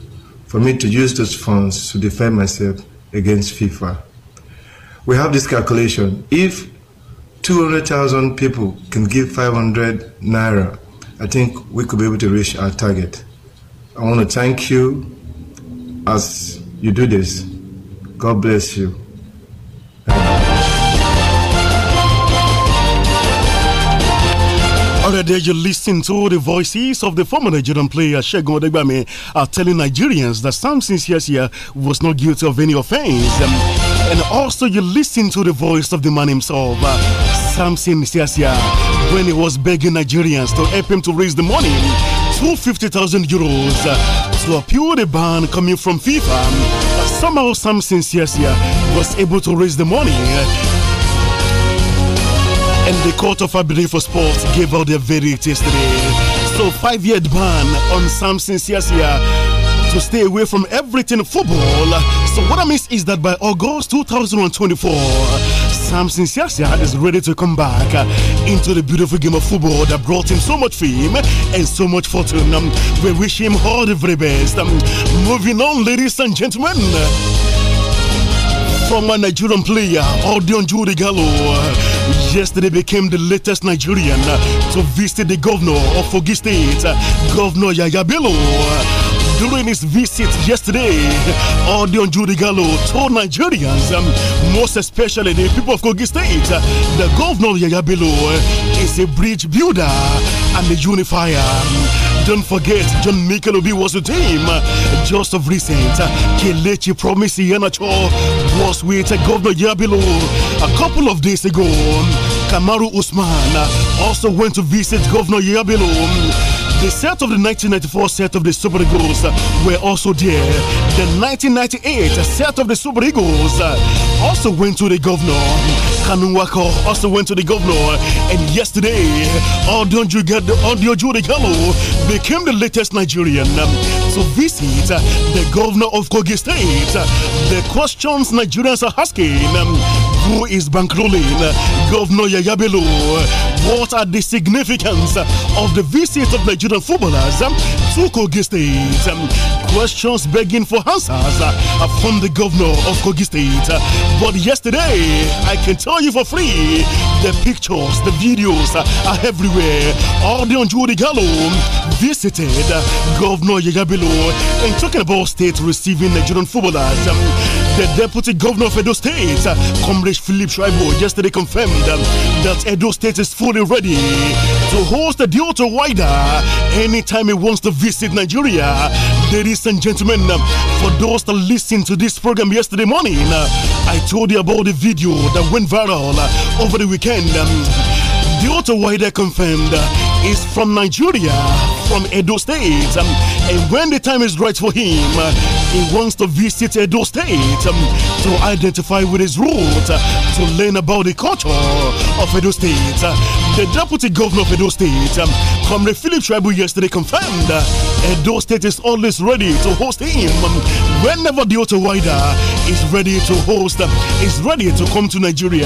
for me to use those funds to defend myself against FIFA. We have this calculation. If 200,000 people can give 500 naira, I think we could be able to reach our target. I want to thank you as you do this. God bless you. right there, you're listening to the voices of the former Nigerian player Shegun Odegbami uh, telling Nigerians that Samson Siasia was not guilty of any offense. Um, and also, you listen to the voice of the man himself, uh, Samson Siasia, when he was begging Nigerians to help him to raise the money, 250,000 euros, uh, to appeal the ban coming from FIFA. Somehow, Samson Siasia was able to raise the money. Uh, and the Court of Arbitration for Sports gave out their verdict yesterday. So five-year ban on Samson Siasia to stay away from everything football. So what I mean is that by August 2024, Samson Siasia is ready to come back into the beautiful game of football that brought him so much fame and so much fortune. Um, we wish him all the very best. Um, moving on, ladies and gentlemen. From a Nigerian player, Odion Jude Gallo yesterday became the latest Nigerian to visit the governor of Ogi State, Governor Yaya During his visit yesterday, Odion Judigallo told Nigerians, um, most especially the people of Kogi State, the governor Yaya is a bridge builder and a unifier. Don't forget, John Mikel Obi was with him just of recent. Kelechi promised Iheanacho was with Governor Yabilo a couple of days ago. Kamaru Usman uh, also went to visit Governor Yabilo. The set of the 1994 set of the Super Eagles uh, were also there. The 1998 set of the Super Eagles uh, also went to the governor. Kanunwako also went to the governor. And yesterday, Odonju Judikalo became the latest Nigerian um, to visit the governor of Kogi State. The questions Nigerians are asking um, who is bankrolling Governor Yaya What are the significance of the visit of Nigerian footballers to Kogi State? Questions begging for answers from the governor of Kogi State. But yesterday, I can tell you for free, the pictures, the videos are everywhere. All the Onjuri Gallo visited Governor Yayabilo and talking about state receiving Nigerian footballers. Um, the deputy governor of Edo State, Comrade Philip Shaibo, yesterday confirmed um, that Edo State is fully ready to host the Dioto Wider anytime he wants to visit Nigeria. Ladies and gentlemen, um, for those that listened to this program yesterday morning, uh, I told you about the video that went viral uh, over the weekend. Um, the Otto Wider confirmed uh, is from Nigeria from Edo State. Um, and when the time is right for him, uh, he wants to visit Edo State um, to identify with his roots, uh, to learn about the culture of Edo State. Uh, the deputy governor of Edo State, um, Comrade Philip Shaibu, yesterday confirmed uh, Edo State is always ready to host him um, whenever the auto rider is ready to host, um, is ready to come to Nigeria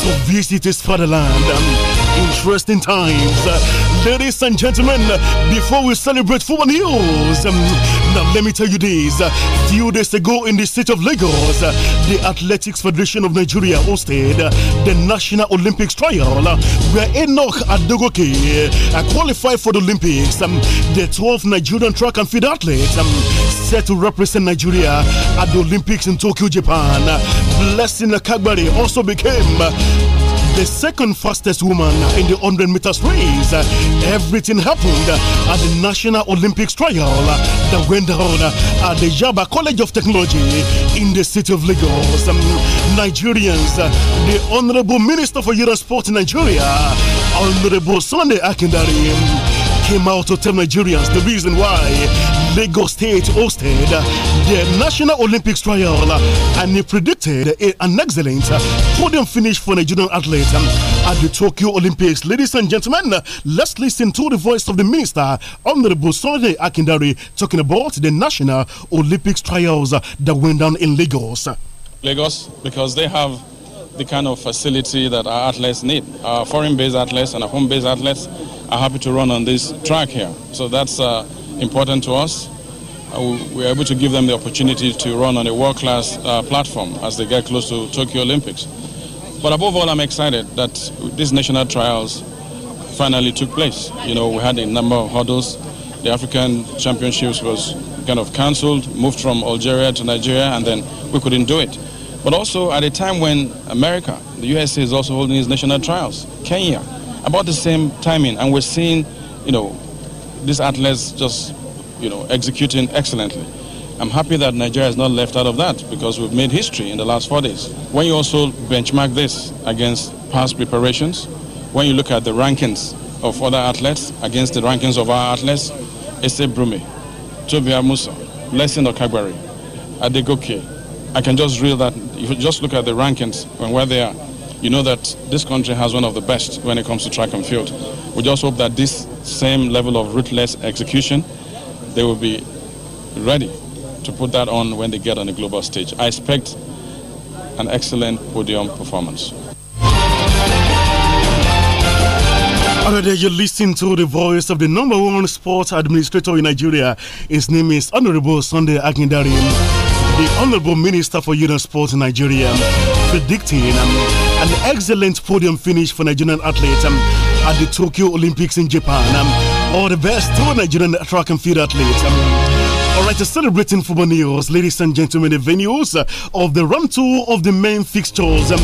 to visit his fatherland. Um, interesting times. Uh, ladies and gentlemen, before we celebrate football news, um, now let me tell you this. A few days ago in the city of Lagos, uh, the Athletics Federation of Nigeria hosted uh, the National Olympics Trial where Enoch Adogoke qualified for the Olympics. Um, the 12 Nigerian track and field athletes um, set to represent Nigeria at the Olympics in Tokyo, Japan. Blessing Kagbari also became the second fastest woman in the 100 meters race. Everything happened at the National Olympics trial that went down at the Yaba College of Technology in the city of Lagos. Um, Nigerians, uh, the Honorable Minister for Youth Sport in Nigeria, Honorable Sunday Akindari, um, came out to tell Nigerians the reason why Lagos State hosted the National Olympics trial and he predicted an excellent podium finish for Nigerian athletes at the Tokyo Olympics. Ladies and gentlemen, let's listen to the voice of the Minister, Honorable Sunday Akindari, talking about the National Olympics trials that went down in Lagos. Lagos, because they have the kind of facility that our athletes need. Our foreign-based athletes and our home-based athletes are happy to run on this track here. So that's uh, important to us. Uh, we're able to give them the opportunity to run on a world-class uh, platform as they get close to Tokyo Olympics. But above all, I'm excited that these national trials finally took place. You know, we had a number of hurdles. The African Championships was kind of cancelled, moved from Algeria to Nigeria, and then we couldn't do it. But also at a time when America, the USA is also holding its national trials, Kenya, about the same timing, and we're seeing, you know, these athletes just, you know, executing excellently. I'm happy that Nigeria is not left out of that because we've made history in the last four days. When you also benchmark this against past preparations, when you look at the rankings of other athletes against the rankings of our athletes, Ese Brume, Tobia Musa, Blessing Okagbari, Adegoke, I can just reel that. If you just look at the rankings when we're there, you know that this country has one of the best when it comes to track and field. We just hope that this same level of ruthless execution, they will be ready to put that on when they get on the global stage. I expect an excellent podium performance. Already you're listening to the voice of the number one sports administrator in Nigeria. His name is Honorable Sunday Akindarin the Honorable Minister for Youth and Sports in Nigeria, predicting um, an excellent podium finish for Nigerian athletes um, at the Tokyo Olympics in Japan. Um, all the best to Nigerian track and field athletes. Um. all right, celebrating football news, ladies and gentlemen, the venues uh, of the round two of the main fixtures um,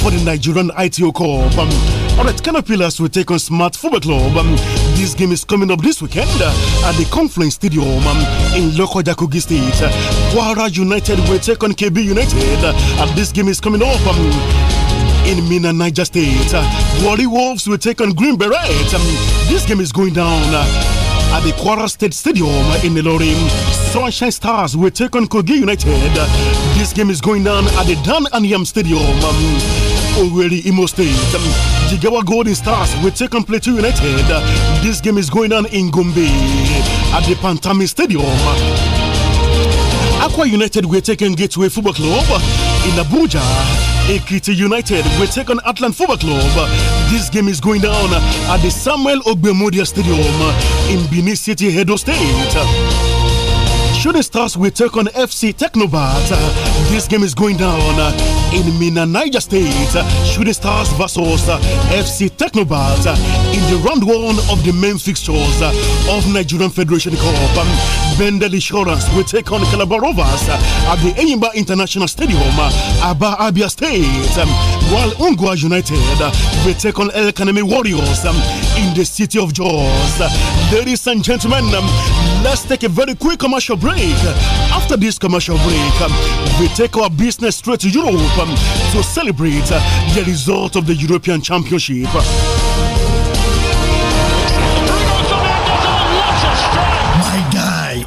for the Nigerian ITO Cup um. Alright, Canopilas will take on Smart Football Club. Um, this game is coming up this weekend uh, at the Confluence Stadium um, in Lokoja Kogi State. Uh, United will take on KB United. Uh, this game is coming up. Um, in Mina, Niger State. Uh, Wally Wolves will take on Green Beret. Um, this game is going down uh, at the Quarter State Stadium uh, in Ilorin. Sunshine Stars will take on Kogi United. Uh, this game is going down at the Dan and Yam Stadium. Um, Owerri, Imo State. Um, Jigawa Golden Stars will take on Plateau United. Uh, this game is going on in Gombe at the Pantami Stadium. Aqua United will take on Gateway Football Club in Abuja. Ekiti United will take on Atlant Football Club. This game is going down at the Samuel Ogbemodia Stadium in Benin City, Edo State. Shooting Stars will take on FC Technobat. this game is going down in Mina, Niger State. Shooting Stars versus FC Technobat in the round one of the main fixtures uh, of Nigerian Federation Cup. Um, Bendel Insurance will take on Calabar Rovers uh, at the Enyimba International Stadium, uh, Aba Abia State, um, while Ungwa United will take on El Kaneme Warriors um, in the City of Jaws. Ladies and gentlemen, um, let's take a very quick commercial break. After this commercial break, we take our business straight to Europe to celebrate the result of the European Championship.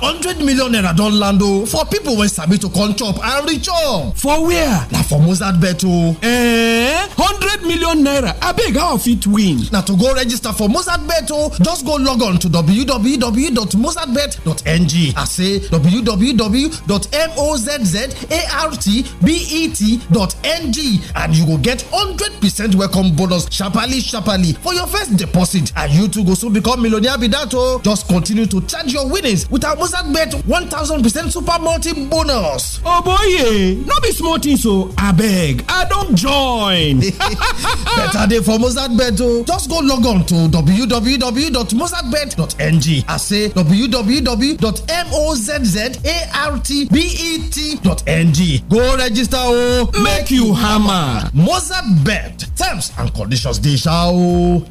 hundred million naira don land o for people wey sabi to come chop and reach up. for where? na for mozart bet o. Eh, hundred million naira abeg how i fit win? na to go register for mozart bet just go log on to www.mozartbet.ng as say www.mozzartbet.ng and you go get hundred percent welcome bonus sharparly sharparly for your first deposit and you too go soon become millionaire be that o. just continue to charge your winnings with our mozart bet 1000% super multi bonus. oh boy no be small so I beg. i don't join. better day for mozart bet o oh. just go log on to www.mozartbet.ng I say www.mozzartbet.ng go register oh. make you hammer mozart bet terms and conditions they sha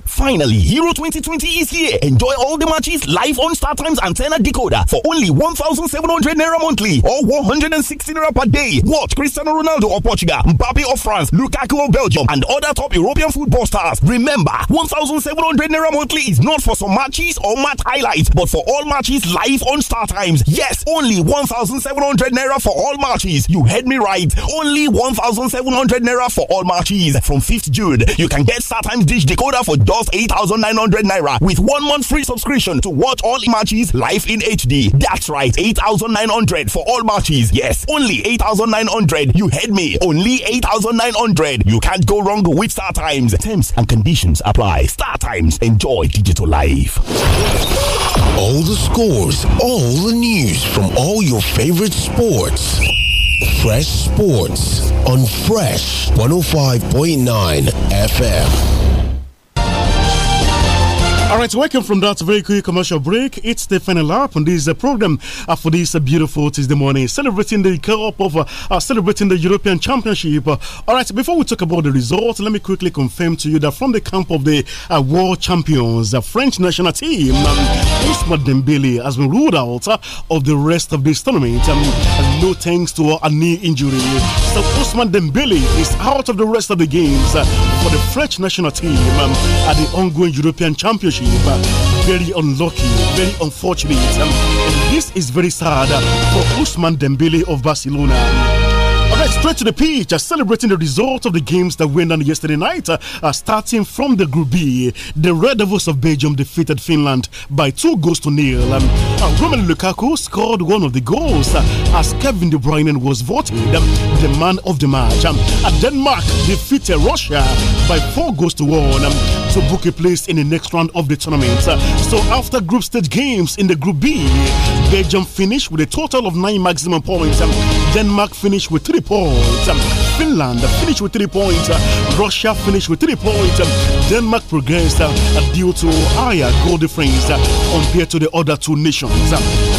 finally hero 2020 is here enjoy all the matches live on star times antenna decoder for only only 1,700 naira monthly or 160 naira per day. Watch Cristiano Ronaldo of Portugal, Mbappe of France, Lukaku of Belgium, and other top European football stars. Remember, 1,700 naira monthly is not for some matches or match highlights, but for all matches live on Star Times. Yes, only 1,700 naira for all matches. You heard me right. Only 1,700 naira for all matches. From 5th June, you can get Star Times Dish Decoder for just 8,900 naira with one month free subscription to watch all matches live in HD. That's right, 8,900 for all matches. Yes, only 8,900. You heard me. Only 8,900. You can't go wrong with Star Times. Terms and conditions apply. Star Times. Enjoy digital life. All the scores, all the news from all your favorite sports. Fresh Sports on Fresh 105.9 FM. All right, welcome from that very quick commercial break. It's the final Lap, and this is uh, a program uh, for this uh, beautiful Tuesday morning, celebrating the Cup of uh, uh, celebrating the European Championship. Uh, all right, before we talk about the results, let me quickly confirm to you that from the camp of the world champions, the French national team, um, Ismail Dembele has been ruled out of the rest of this tournament. Um, no thanks to a knee injury, so Usman Dembele is out of the rest of the games for the French national team um, at the ongoing European Championship but uh, Very unlucky, very unfortunate. Um, and this is very sad uh, for Usman Dembele of Barcelona. All right, straight to the pitch, uh, celebrating the result of the games that went on yesterday night. Uh, uh, starting from the Group B, the Red Devils of Belgium defeated Finland by two goals to nil. Um, uh, Roman Lukaku scored one of the goals uh, as Kevin De Bruyne was voted um, the man of the match. Um, Denmark defeated Russia by four goals to one. Um, to book a place in the next round of the tournament. So after group stage games in the Group B, Belgium finished with a total of nine maximum points. Denmark finished with three points. Finland finished with three points. Russia finished with three points. Denmark progressed due to higher goal difference compared to the other two nations.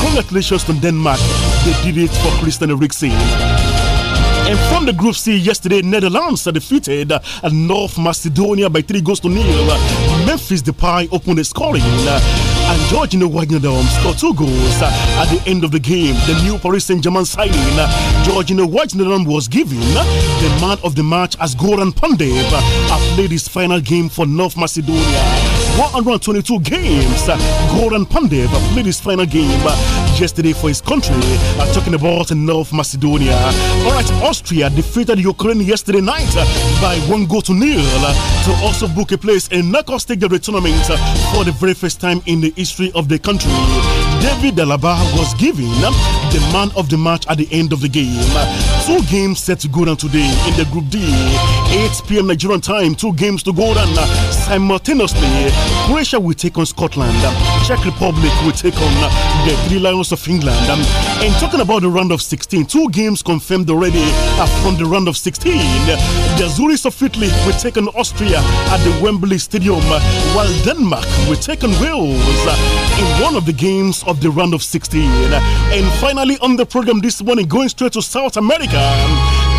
Congratulations to Denmark. They did it for Christian Eriksen. And from the Group C yesterday, Netherlands defeated uh, North Macedonia by three goals to nil. Memphis Depay opened the scoring. Uh, and George Nwagnadom scored two goals uh, at the end of the game. The new Paris Saint-Germain signing, George Nwagnadom, was given the man of the match as Goran Pandev has played his final game for North Macedonia. 122 games. Goran Pandev played his final game yesterday for his country. Uh, talking about North Macedonia. All right, Austria defeated Ukraine yesterday night uh, by one goal to nil uh, to also book a place in knockout stage of the tournament uh, for the very first time in the history of the country. David Alaba was given the man of the match at the end of the game. Two games set to go down today in the Group D. 8 p.m. Nigerian time, two games to go down simultaneously. Croatia will take on Scotland. Czech Republic will take on uh, the Three Lions of England. Um, and talking about the round of 16, two games confirmed already uh, from the round of 16. The Azuris of Italy will take on Austria at the Wembley Stadium, uh, while Denmark will take on Wales uh, in one of the games of the round of 16. And finally, on the program this morning, going straight to South America.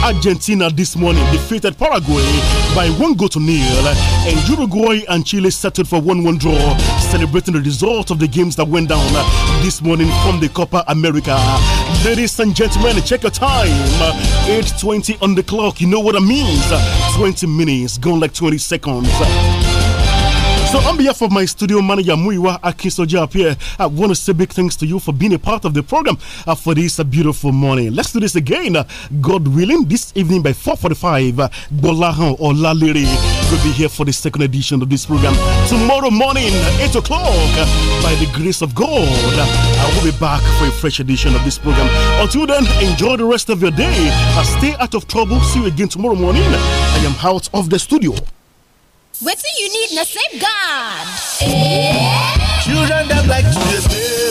Argentina this morning defeated Paraguay by one goal to nil, and Uruguay and Chile settled for 1 1 draw, celebrating the result of the games that went down this morning from the Copa America. Ladies and gentlemen, check your time 8.20 on the clock. You know what it means 20 minutes, gone like 20 seconds. So, on behalf of my studio manager Muiwa Akisoja up here, I want to say big thanks to you for being a part of the program uh, for this uh, beautiful morning. Let's do this again, uh, God willing, this evening by 4:45. Uh, Bolahan or Laliri will be here for the second edition of this program tomorrow morning, 8 o'clock. Uh, by the grace of God, uh, I will be back for a fresh edition of this program. Until then, enjoy the rest of your day. Uh, stay out of trouble. See you again tomorrow morning. I am out of the studio. What do you need na God? Children dem like to dey play.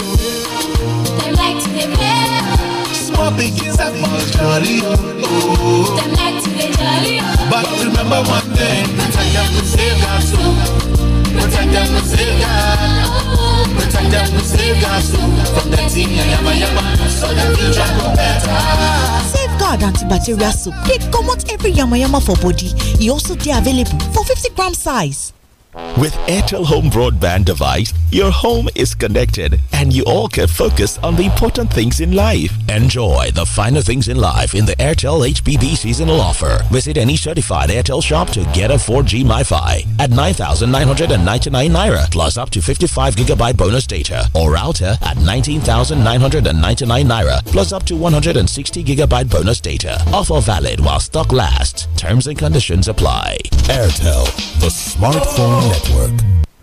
Dem like to dey play. Small pikin have must jolly. oh. Dem like to dey jolly. But remember one thing, protect dem with safeguard too. Protect dem with safeguard. Protect dem save God too. From that dirty and yama yama, so the future will be better. powered antibacterial soap dey comot every yamayama for body It also they available for 50 gram size. With Airtel Home Broadband device, your home is connected and you all can focus on the important things in life. Enjoy the finer things in life in the Airtel HBB seasonal offer. Visit any certified Airtel shop to get a 4G MiFi at 9,999 Naira plus up to 55 gigabyte bonus data or router at 19,999 Naira plus up to 160 gigabyte bonus data. Offer valid while stock lasts. Terms and conditions apply. Airtel, the smartphone Network.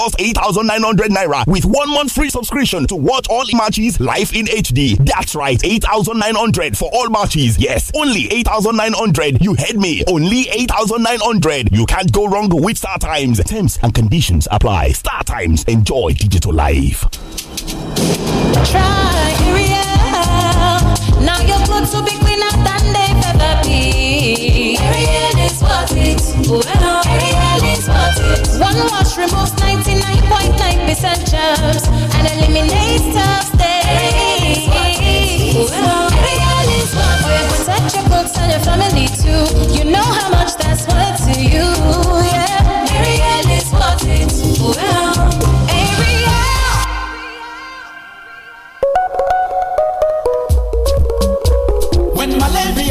just 8,900 naira with one month free subscription to watch all matches live in HD. That's right, 8,900 for all matches. Yes, only 8,900. You heard me. Only 8,900. You can't go wrong with Star Times. Terms and conditions apply. Star Times. Enjoy digital life. Try Now your clothes will be cleaner than they've ever been. Ariel is worth it. Oh, well, one wash removes 99.9% germs and eliminates tough stains. Well, L'Oreal is one way protect your books and your family too. You know how much that's worth to you. Yeah, L'Oreal is worth it. Well.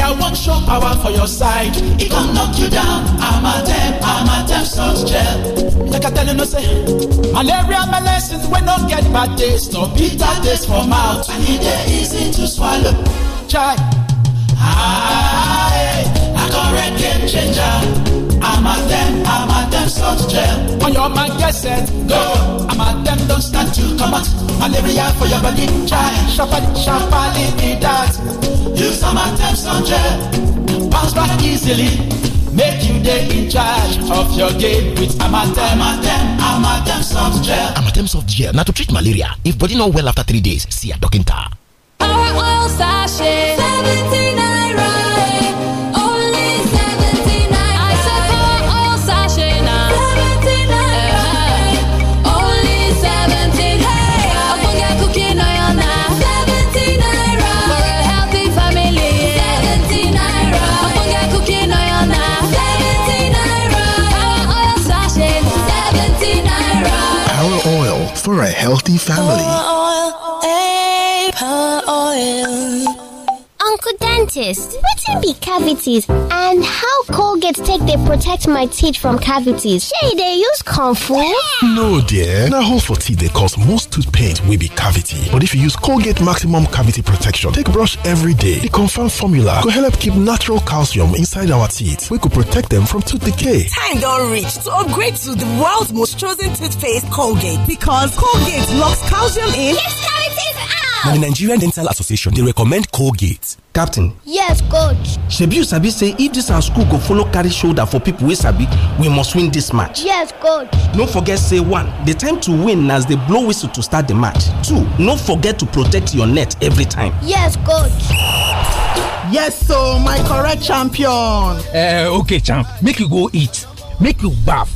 One wan power for your side. It come knock you down, I'm I'm a dem. a dem salt gel. Like I tell you no say, malaria medicines we no get bad taste No bitter taste for mouth. I need it easy to swallow. Chai. Aye, I correct game changer. I'm I'm a dem. a dem salt gel. On your mind, get set, go. I'm a dem don't stand to comot malaria for your body. Chai, sharply, sharply be that. easily. Make you day in charge of your game with Amatem. Amatem, Amatem soft gel. Amatem soft gel. Now to treat malaria. If body not well after three days, see a doctor. Our oil sachet. for a healthy family. Oh, oh, dentist. can be cavities and how Colgate take they protect my teeth from cavities? Shey they use comfort? No dear, Now, hold for teeth they cause most tooth pain will be cavity. But if you use Colgate maximum cavity protection take brush every day, the confirmed formula go help keep natural calcium inside our teeth We could protect them from tooth decay. Time don't reach to upgrade to the world's most chosen toothpaste Colgate because Colgate locks calcium in. Yes, Now, the Nigerian Dental Association, they recommend Colgate. Captain. Yes, coach. Shebi you sabi say if this our school go follow carry shoulder for people wey sabi, we must win this match. Yes, coach. No forget say one, the time to win na as they blow whistle to start the match. Two, no forget to protect your net every time. Yes, coach. Yes so my correct champion. Uh, okay champ, make you go eat, make you baff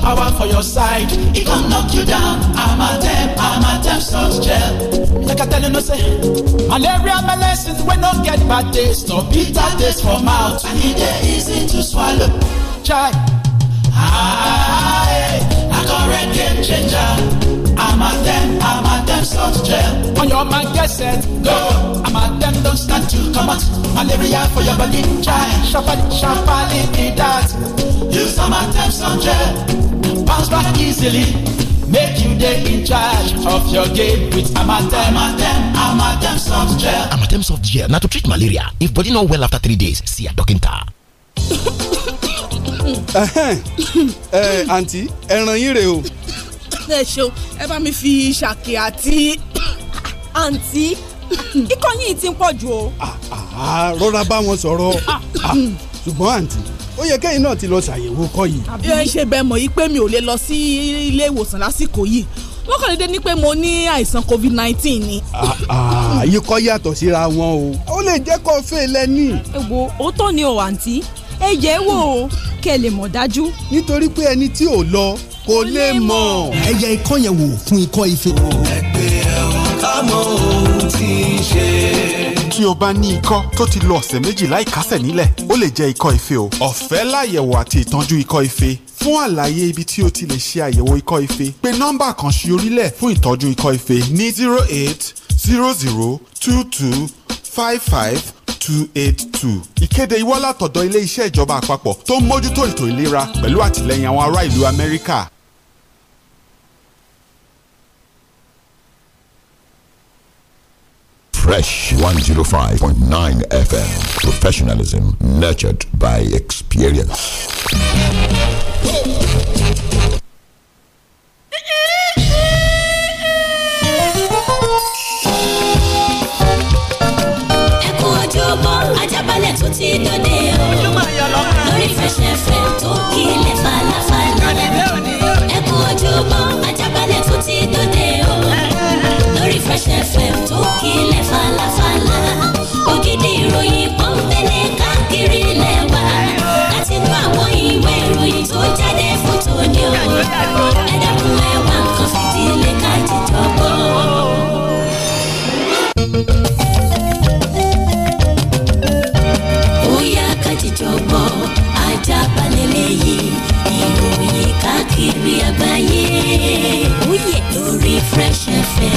power for your side it con knock you down I'm I'm a a amatem soft gel like i tell you no say malaria medicine wey no get bad taste or bitter taste from mouth and it dey easy to swallow chai aye i correct game changer a amatem soft gel when your mind get set go I'm a don't stand to come comot malaria for your body try sharply sharply be that use amatem soft gel. bounce back easily make you dey in charge of your game with amatem amatem amatem soft gel. amatem soft gel na to treat malaria if body no well after three days see a doctor. ẹ àǹtí eh, ẹran yín rèé o. ẹ ṣeun ẹ bá mi fi ṣàkè àti àǹtí ikọ́ yìí ti ń pọ̀ jù o. Ah, ah, rọra bá wọn sọ̀rọ̀ ah, ṣùgbọ́n àǹtí ó yẹ kẹ́yìn náà ti lọ ṣàyẹ̀wò kọ́ yìí. àbí ṣe bẹ́ẹ̀ mọ̀ yìí pé mi ò lè lọ sí ilé ìwòsàn lásìkò yìí wọ́n kàn dédé ní pé mo ní àìsàn covid nineteen ni. yìí kọ́ yàtọ̀ síra wọn o ó lè jẹ́ kó fẹ́ lẹ́ni. ẹ wo òótọ́ ni o àǹtí ẹ yẹ̀ wò ó kẹ́ ẹ lè mọ̀ dájú. nítorí pé ẹni tí ò lọ kò lè mọ̀. ẹ yẹ̀ ikọ́ yẹn wò fún ikọ́ ife. ẹ pé ẹ̀rù ká mọ ohun tí ń ṣe tí o bá ní ikọ́ tó ti lo ọ̀sẹ̀ méjì láìkásẹ̀ nílẹ̀ ó lè jẹ́ ikọ́ ife o ọ̀fẹ́ láyẹ̀wò àti ìtọ́jú ikọ́ ife fún àlàyé ibi tí o ti lè ṣe àyẹ̀wò ikọ́ ife pé nọ́mbà kan sí orílẹ̀ fún ìtọ́jú ikọ́ ife ní zero eight zero zero two two five five two eight two. ìkéde ìwọ́lá tọ̀dọ̀ ilé iṣẹ́ ìjọba àpapọ̀ tó ń mójútó ètò ìlera pẹ̀lú àtìlẹ́yìn àwọn ará ìlú Amẹ́ríkà. Fresh 105.9 FM. Professionalism nurtured by experience. ẹkún ojúbọ ajábalẹ̀ tó o FM ajábalẹ̀ tó ti dòde. fm tó kílẹ̀ falafala ògidì ìròyìn kan fẹ́lẹ̀ káàkiri lẹ́wà láti nú àwọn ìwé ìròyìn tó jáde fún tòní o ẹ dákun ẹ wá nǹkan fìdílé ká jíjọ gbọ́. ó yá ká jíjọ ajá balẹ̀ lẹ́yìn ìròyìn káàkiri àgbáyé lórí fresh fm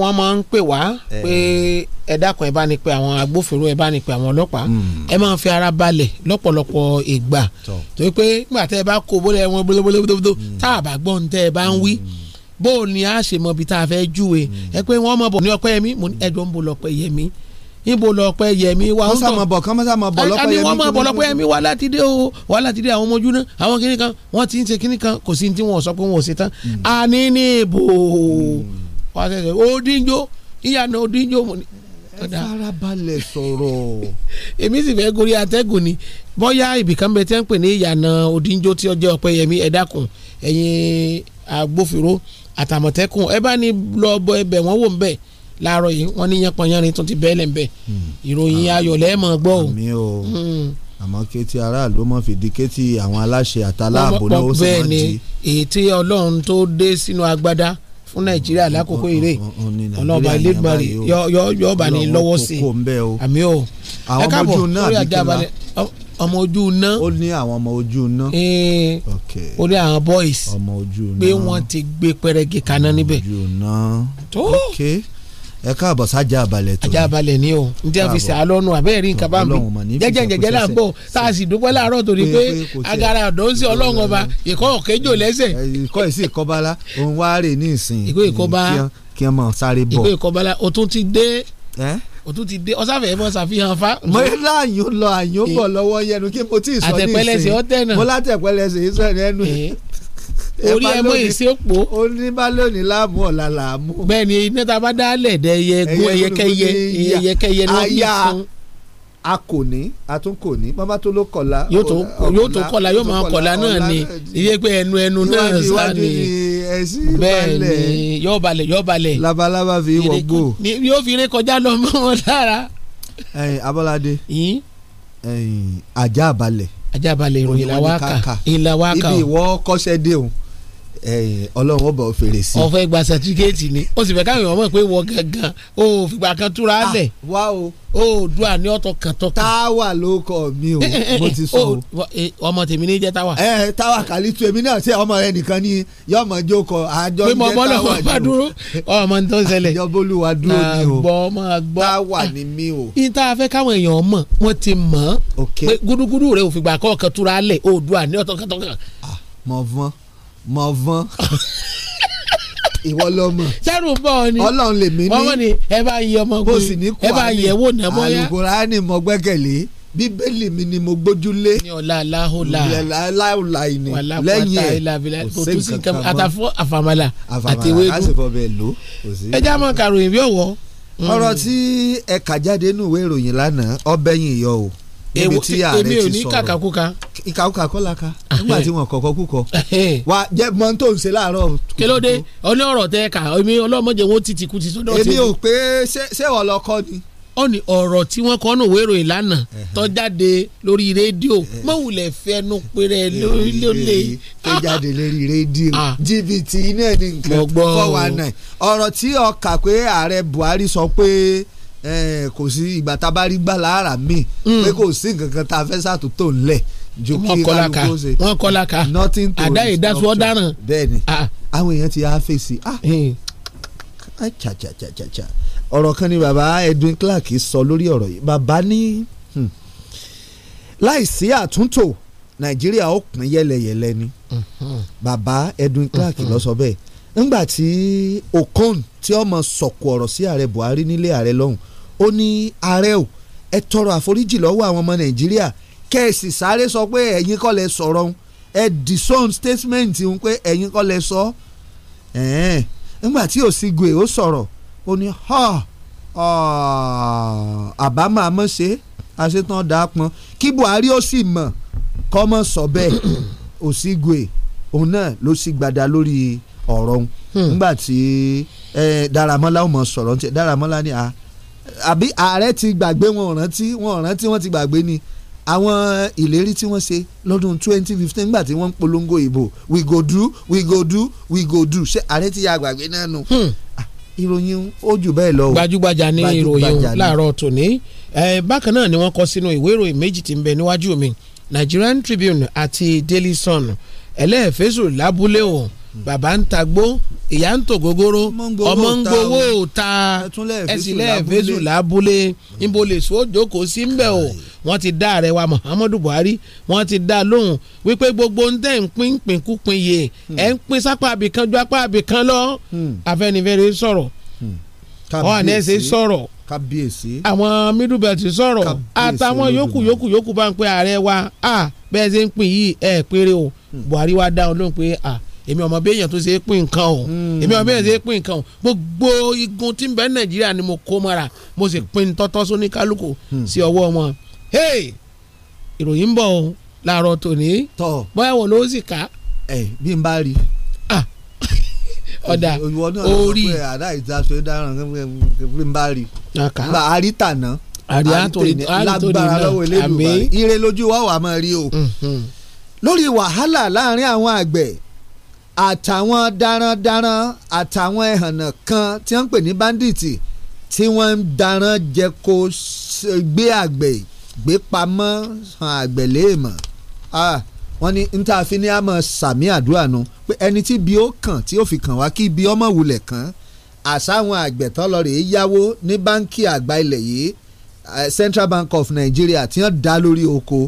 wọ́n máa ń pè wá eh. pé ẹ dákun ẹ bá ní pé àwọn agbófinró ẹ bá ní pé àwọn ọlọ́pàá hmm. ẹ máa ń fi ara balẹ̀ lọ́pọ̀lọpọ̀ ìgbà torí pé nígbà tẹ́ ẹ bá kó bólẹ̀ wọn bólóbólóbóló hmm. tá a bá gbọ́ ohun tẹ́ ẹ bá ń wí hmm. bó o ní a ṣe mọ ibi tá a fẹ́ júwe ẹ pé wọ́n mọ̀ bọ̀ ní ọpẹ́ yẹmí ẹ̀dùn ń bo lọ́pẹ́ yẹmí níbo lọpẹ yẹmi wa ń tọ kọmọsá mọ bọ kọmọsá mọ bọ lọpẹ yẹmi wọn mọ bọ lọpẹ yẹmi wa láti dé o wa láti dé àwọn ọmọ ojú náà àwọn kìnnìkan wọn ti ń ṣe kìnnìkan kò sí ní tí wọn sọ pé wọn ò ṣe tán àní ní ìbò wà á sẹ̀sẹ̀ odinjo ìyànà odinjo mo ní. ẹ farabalẹ̀ sọ̀rọ̀. èmi sì fẹ́ gorí atẹ́gùn ni bóyá ibìkan bẹ tẹ́ ń pè ní ìyànà odinjo tí ọjọ́ ọ̀pẹ̀yẹmí ẹ dákun ẹ̀yin agbófinró àtàmọ̀tẹ́kùn ẹ bá ní lọ bọ ẹbẹ̀ wọ́n wò ń bẹ̀ láàárọ̀ yìí wọ́n ní yánpọnyánrin tó ti bẹ́ẹ̀ lẹ̀ ń bẹ̀ hmm. ìròyìn ah. ayọ̀ lẹ́ẹ̀mọ̀ gbọ́ o. àmì o hmm. àmọ́ kétí aráàlú mọ̀ fìdí kétí àwọn aláṣẹ àtàláàbò ni ó sì mọ̀ di. bẹ́ẹ̀ ni èyí tí ọlọ́run tó dé sínú agbádá fún nàìjíríà lákòókò eré ọlọ́ba elédùmarè yọ ọba ní lọ́wọ́ sí i àmì o ẹ káàbọ̀ lórí ajá balẹ̀ ọmọ ojú iná ó ní àwọn ọmọ ojú iná ó ní àwọn boys pé wọ́n ti gbé pẹrẹgì kaná níbẹ̀ tó. okay ẹ káàbọ̀ sájà abalẹ̀ tó ní. ajá abalẹ̀ ni o n tí a fi sàá lọ́nu àbẹ́ẹ̀rí nǹkan bá ń bì jẹ́jẹ́ jẹ́jẹ́ là ń bọ̀ tá a sì dúpẹ́ láàárọ̀ torí pé agara ọ̀dọ́ ń sí ọlọ́run ọba ìkọ́ ọ̀kẹ́jọ lẹ́sẹ̀. ìkọ́ ìsì ìkọ́bala òun wá rè ní ìsìn kí ẹ máa sáré bọ̀. ìkọ́ ìkọ́bala o tún ti dé o tún ti dé ọsàfẹ́ mọ́ ṣàfihàn fa. mo ilé àyùn lọ àyùn bọ̀ lọ́wọ́ yẹnu kí mo tí ì sọ ní ìsìn mo látẹ̀pẹ́lẹsẹ̀ orí ẹmọ yìí sí òpó. ó ní bá lónìí láàmú ọ̀la làámú. bẹ́ẹ̀ni iná tá a bá dálẹ̀ dẹ ẹyẹ egun ẹyẹkẹyẹ ẹyẹkẹyẹ ló ń sún. a kò ní a tún kò ní bàbá tó ló kọ̀la. yóò tó kọ̀la yóò máa kọ̀la náà ni iye pé ẹnu ẹnu náà sá ni bẹ́ẹ̀ni yóò balẹ̀ yóò balẹ̀. labalábá fi wọgbó. yóò fi rékọjá lọ mọ́ wọn lára. ẹyin ajá balẹ̀. ajá balẹ̀ ìròyìn làwọn kà ìlàwọ́ kà ibi ìwọ kọ́sẹ́ dé o. Eh, ọlọ́run ọba òfèrè sí. ọ̀fẹ́ gba sẹtífíkẹ́ẹ̀tì ni ó sì fẹ́ káwọn èèyàn mọ̀ pé wọ́n gangan ó fìgbà kan túra ah, lẹ̀. wá o. ó dùn àní ọ̀tọ̀ kan tọ́ kan. táwa ló kọ mi o mo ti sọ o. Eh, ọmọ tèmi ní jẹ́ táwa. ẹ eh, táwa kàlí tu èmi náà ṣe ọmọ rẹ nìkan ni yọmọ jókọ àjọ ń jẹ táwa jù. pé mo bọ́ lọ́wọ́ bá dúró ọmọ tó ń ṣẹlẹ̀. ìjọbólúwa dúró ni o táwa ah, ni mi o. ìta fẹ́ káwọn èèyàn mọ̀ wọ́n ti mọ̀ pé gúdúgúdú rẹ̀ òfìgbà kọ̀ọ̀kan túra lẹ̀ ó dùn àní ọ̀tọ̀ kan tọ́ kan. Ah, mọ̀ fún mọ̀ vọ́n ìwọ lọmọ sẹ́rù ń bọ̀ ọ ni ọlọ́run lè mí ní ọmọ ni ẹ bá yẹ ọmọ kò sì ní kú ẹ bá yẹ wò ná mọ́ yá alukurani mo gbẹ́kẹ̀lé bíbélì mi ni mo gbójúlé ní ọ̀la aláhùlà aláhùlà ìní lẹ́yìn ẹ̀ kò sí nǹkan mọ́ àtàfọ́ àfàmàlà àti ewédú ẹ já mọ́ kàròyìn bí ọ̀wọ́. ọ̀rọ̀ mm. tí ẹ kà jáde nínú ìwé ìròyìn lánàá ọbẹ̀ yìí yọ o níbi tí ààrẹ ti sọ̀rọ̀ èmi ò ní kàkàkùkà. ìkàkùkà kọ́ la ka ah, nígbà tí eh. wọn kọ̀kọ́ kúkọ. Eh, eh. wa jẹ mọ tó ń ṣe láàárọ̀. kílódé ọní ọ̀rọ̀ tẹ ká èmi ọlọ́mọdé wọn ti tìkú ti sọ́dọ̀ tèmi. èmi ò pé ṣé ọlọ́kọ ni. ó ní ọ̀rọ̀ tí wọ́n kọ́ nù wérò ìlànà tó jáde lórí rédíò mọ̀wùlẹ̀ fẹnu péré lólè. tó jáde lórí rédíò jìbìtì ah. iná ẹ̀ nǹkan four one nine ọ̀rọ̀ tí ó kà pé ààrẹ Buhari sọ pé Eh, kò sí ìgbà tá a bá rí gbà lára mi mm. pé kò sí nǹkan kan tá a fẹ́ ṣàtúntò ńlẹ̀ ju kí kálukó ṣe wọ́n kọ́ la ka àdá ìdásù ọ̀daràn bẹ́ẹ̀ni ah. àwọn èèyàn ti á fèsì ah. eh. ah, ọ̀rọ̀ kan ni bàbá Edwin Clark sọ lórí ọ̀rọ̀ yìí bàbá ní hmm, láìsí àtúntò Nàìjíríà ó pín yẹlẹyẹlẹ ni mm-hmm. bàbá Edwin Clark lọ mm-hmm. sọ bẹ́ẹ̀ nígbà tí Okon tí ọmọ sọ̀kò ọ̀rọ̀ sí ààrẹ Buhari nílé ààrẹ lọ́hùn ó ní ààrẹ ò ẹ tọrọ àforíjì lọ́wọ́ àwọn ọmọ nàìjíríà kẹ́ẹ̀sì sáré sọ pé ẹ̀yin kọ́ lẹ sọ̀rọ̀ ẹ disown statement ń pé ẹ̀yin kọ́ lẹ sọ ẹ̀ẹ́n nígbà tí Osigwe ó sọ̀rọ̀ ó ní àbámọ̀ àmọ́ ṣe àṣetán dàápọn kí Buhari ó sì mọ̀ kọ́mọ sọ bẹ́ẹ̀ Osigwe òun náà ló sì gbada lórí ọ̀rọ̀ hmm. nígbà tí Dáramọ́lá ó mọ̀ sọ̀rọ̀ ń tẹ a. Ah, àbí ààrẹ ti gbàgbé wọn rántí wọn rántí wọn ti gbàgbé ni àwọn ìlérí tí wọ́n ṣe lọ́dún 2015 nígbà tí wọ́n ń polongo ìbò we go do we go do we go do ṣé ààrẹ ti ya gbàgbé náà nù. Hmm. Ah, ìròyìn ó jù bẹ́ẹ̀ lọ. gbajúgbajà ní ìròyìn láàárọ̀ tòní bákan náà ni wọ́n kọ sínú ìwé ìròyìn méjì tí ń bẹ níwájú mi Nigerian Tribune àti Daily Sun ẹlẹ́ẹ̀fẹ́sù lábúlé bàbá ń ta gbó ìyá ń tò gógóró ọmọ ń gbowó ta ẹsìlẹ̀ fésù lábúlé níbo lè so jókòó sí ń bẹ̀ o wọ́n ti dá ààrẹ wa Muhammadu Buhari wọ́n ti dá lóhùn wípé gbogbo ń tẹ̀ ń pín pínkúpin yìí hmm. ẹ̀ ń pín sápá abìkan ju apá abìkan lọ hmm. Afẹ́nifẹ́re sọ̀rọ̀ ọ̀hún ẹ̀ ṣe sọ̀rọ̀ kábíyèsí àwọn middle belt sọ̀rọ̀ àtàwọn yòókù yòókù yòókù bá ń pe ààrẹ wa a bẹ́ẹ̀ ṣe ń pín yìí ẹ̀ péré o hmm. Buhari wa dáhùn lóhùn pé a èmi ọmọ béèyàn tó ṣe é pín nǹkan o hmm. èmi ọmọ béèyàn ṣe é pín nǹkan o gbogbo igun tí ń bẹ nàìjíríà ni mo kó mọ́ra mo sì pín tọ́tọ́ sóní kálukú hmm. sí ọwọ́ wọn. ìròyìn ń bọ̀ o làárọ̀ tòní bóyá wọ́n ló sì ká. ẹ bí n bá rí. ọ̀dà orí àdá àrí àtòrí náà lágbára lọ́wọ́ lójú wa wà máa rí o mhm. lórí wàhálà láàrin àwọn àgbẹ̀ àtàwọn darandaran àtàwọn ẹ̀hànà kan tí wọ́n ń pè ní bandits tí wọ́n ń daran jẹko gbé àgbẹ̀ gbé pamọ́ hàn àgbẹ̀ léèmọ̀ wọ́n ní n ta fi ní àmọ́ sàmì àdúrà nu pé ẹni tí bí ó kàn tí ó fi kàn wá kí ibi ọmọ wulẹ̀ kan àsáwọn àgbẹ̀ tán lọ rèé yáwó ní báńkì àgbà ilẹ̀ yìí Central Bank of Nigeria tí wọ́n dá lórí oko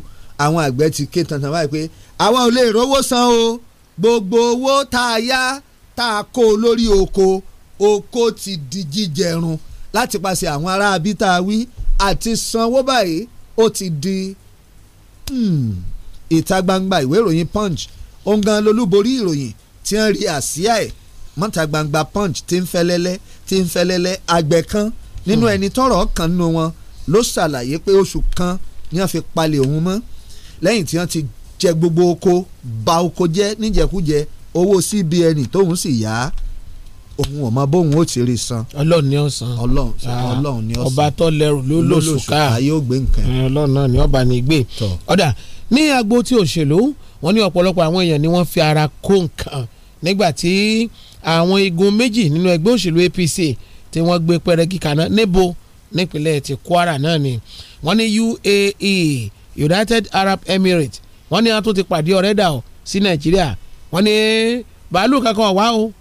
àwọn àgbẹ̀ ti ké tantan báyìí pé àwa ò lè rówó san o gbogbo owó tá a yá tá a kó lórí oko oko ti di jíjẹrun láti paṣẹ àwọn ará abíta wí àti sanwó báyìí ó ti di hmm, ìta gbangba ìwé ìròyìn punch òun gan lolúborí ìròyìn tí wọ́n rí àsíá ẹ̀ mọ́ta gbangba punch ti ń fẹ́lẹ́lẹ́ ti ń fẹ́lẹ́lẹ́ àgbẹ̀ kan nínú hmm. ẹni tọ́rọ̀ kan nínú wọn ló ṣàlàyé pé oṣù kan ni wọ́n fi palẹ̀ òun mọ́ lẹ́yìn tí wọ́n ti jẹ gbogbo oko ba oko jẹ níjẹkújẹ owó CBN tóun sì yá òun ò mọ bóun ó ti rí san. ọlọ́run ni ó san ọlọ́run ah, ni ó san ọba tó lẹ́rù ló lóṣù ká yóò gbé nǹkan. Eh, ọlọ́run náà ni ọba ní gbé. ọ̀dà ní agbo tí òṣèlú wọ́n ní ọ̀pọ̀lọpọ̀ àwọn èèyàn ni wọ́n fi ara kó nǹkan nígbà tí àwọn igun méjì nínú ẹgbẹ́ òṣèlú APC tí wọ́n gbé pẹrẹgì kaná níbo nípínlẹ̀ ti Kwara náà ni wọ́n ní UAE United Arab Emirates wọ́n ní wọ́n tún ti pàdé ọ̀rẹ́ dà ọ́ sí nàìjíríà wọ́n ní bàálù kankan wá o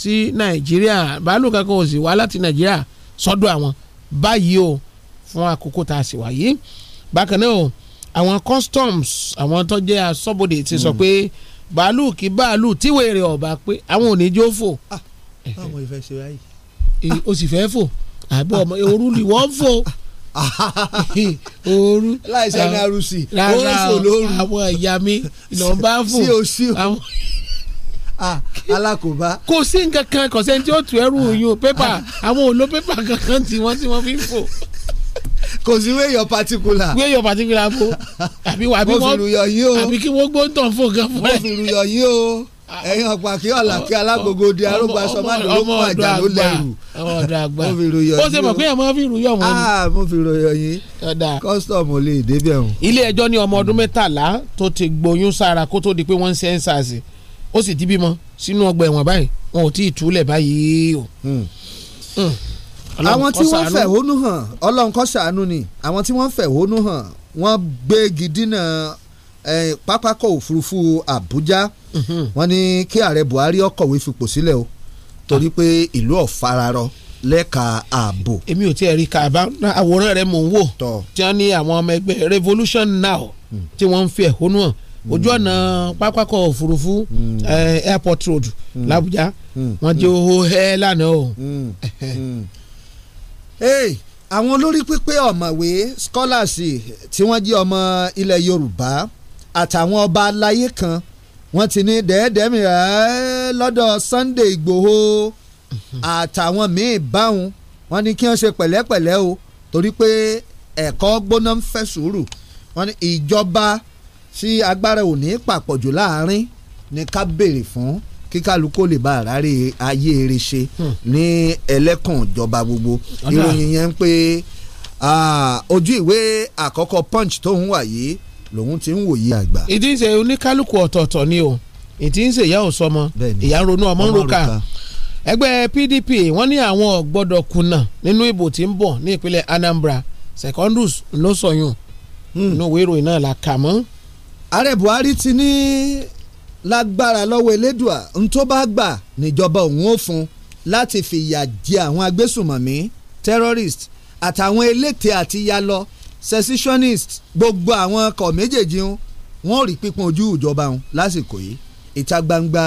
sí nàìjíríà bàálù kankan ò sì wá láti nàìjíríà sọ́dọ̀ àwọn báyìí o fún àkókò tá a sì wà bákan náà àwọn customs àwọn tó jẹ́ asọ́bodè ti sọ hmm. pé bàálù kí bàálù tíwèé rẹ̀ ọ̀bà pé àwọn ò ní jó fò. Ah, báwo ni ìfẹ́ ṣe o sì fẹ́ fò àbí ọmọ òru wọ́n fò. ooru láìsẹ ní arúsì oorùfò lóru àwọn ìyá mi nọmba fún àwọn ah, alákòóbá. kò sí nǹkan kan kò sẹ́ni tí ó tu ẹrù ah. yún pépà àwọn òòlò pépà kankan tí wọ́n tí wọ́n fi ń fò kò sí wé yọ particular. wé yọ particular fo àbí wà àbí wọ́n àbí kí wọ́n gbóntàn fò gan fún ẹ. mo fi ruyọ̀ yín o ẹ̀yin ọ̀pá kí ọ̀là kí alágogo di arógbá sọmánì ló mú àjà ló lẹ́rù mo fi ròyìn ó ṣe mọ̀ pé ẹ̀mọ́ fi ròyìn ọmọ mi. mo fi ròyìn yín kọ́sítọ̀mù lè débẹ̀ hùn. ilé ẹjọ́ ní ọmọ ọdún mẹ́tàlá tó ti gboyún sára kó tó di pé wọ́n ń sẹ́ńsàsì ó sì ti bímọ sínú ọgbà ẹ̀wọ̀n báyìí wọn ò tí ì túlẹ̀ báyìí o. Hmm. Hmm. àwọn tí wọ́n fẹ̀hónú hàn ọlọ́run kó pápákọ̀ òfurufú Àbújá mhm. wọ́n ní kí ààrẹ Buhari ó fipò sílẹ̀ o torí ah. pé ìlú ọ̀fararọ lẹ́ka ààbò. èmi ò tiẹ̀ rí ká àwòrán rẹ mò ń wò tí wọ́n ní àwọn ọmọ ẹgbẹ́ Revolution Now hmm. tí wọ́n ń fi ẹ̀hónú hàn hmm. ojú ọ̀nà pápákọ̀ òfurufú hmm. airport road làbújá wọ́n jẹ́ owó ẹ lánàá o. àwọn olórí pípé ọ̀mọ̀wé scholars tí wọ́n jẹ́ ọmọ ilẹ̀ Yorùbá àtàwọn ọba aláyé kan wọ́n ti ní dẹ́ẹ́dẹ́mì rẹ̀ lọ́dọ̀ Sunday Ìgbòho àtàwọn míì báwọn wọ́n ní kí wọ́n ṣe pẹ̀lẹ́pẹ̀lẹ́ o torí pé ẹ̀kọ́ gbóná ń fẹ́ sùúrù wọ́n ní ìjọba tí agbára ò ní pàpọ̀jù láàrin ni ká béèrè fún kí kálukó lè bá àrárí ayé eré ṣe ní ẹlẹ́kùn ìjọba gbogbo ìròyìn yẹn ń pé ah, ojú ìwé àkọ́kọ́ punch tó ń wà yìí lòun ti ń wòye àgbà. ìdí ń ṣe oníkálukú ọ̀tọ̀ọ̀tọ̀ ni o ìdí ń ṣe ìyá ò sọmọ ìyá ronú ọmọ ń roka ẹgbẹ́ PDP wọ́n ní àwọn ò gbọ́dọ̀ kùnà nínú ìbò tí ń bọ̀ ní ìpínlẹ̀ Anambra Secondus ló sọyún hmm. inú ìwé ìròyìn náà la kà mọ́. ààrẹ Buhari ti ní lágbára lọ́wọ́ elédùà ń tó bá gbà níjọba òun ó fún láti fìyà jẹ àwọn agbésùmọ̀mí terrorist àtàwọn eléte àti yálọ secessionist gbogbo àwọn ọkọ̀ méjèèjì wọn ò rí pípọn ojú ìjọba wọn lásìkò yìí ìta gbangba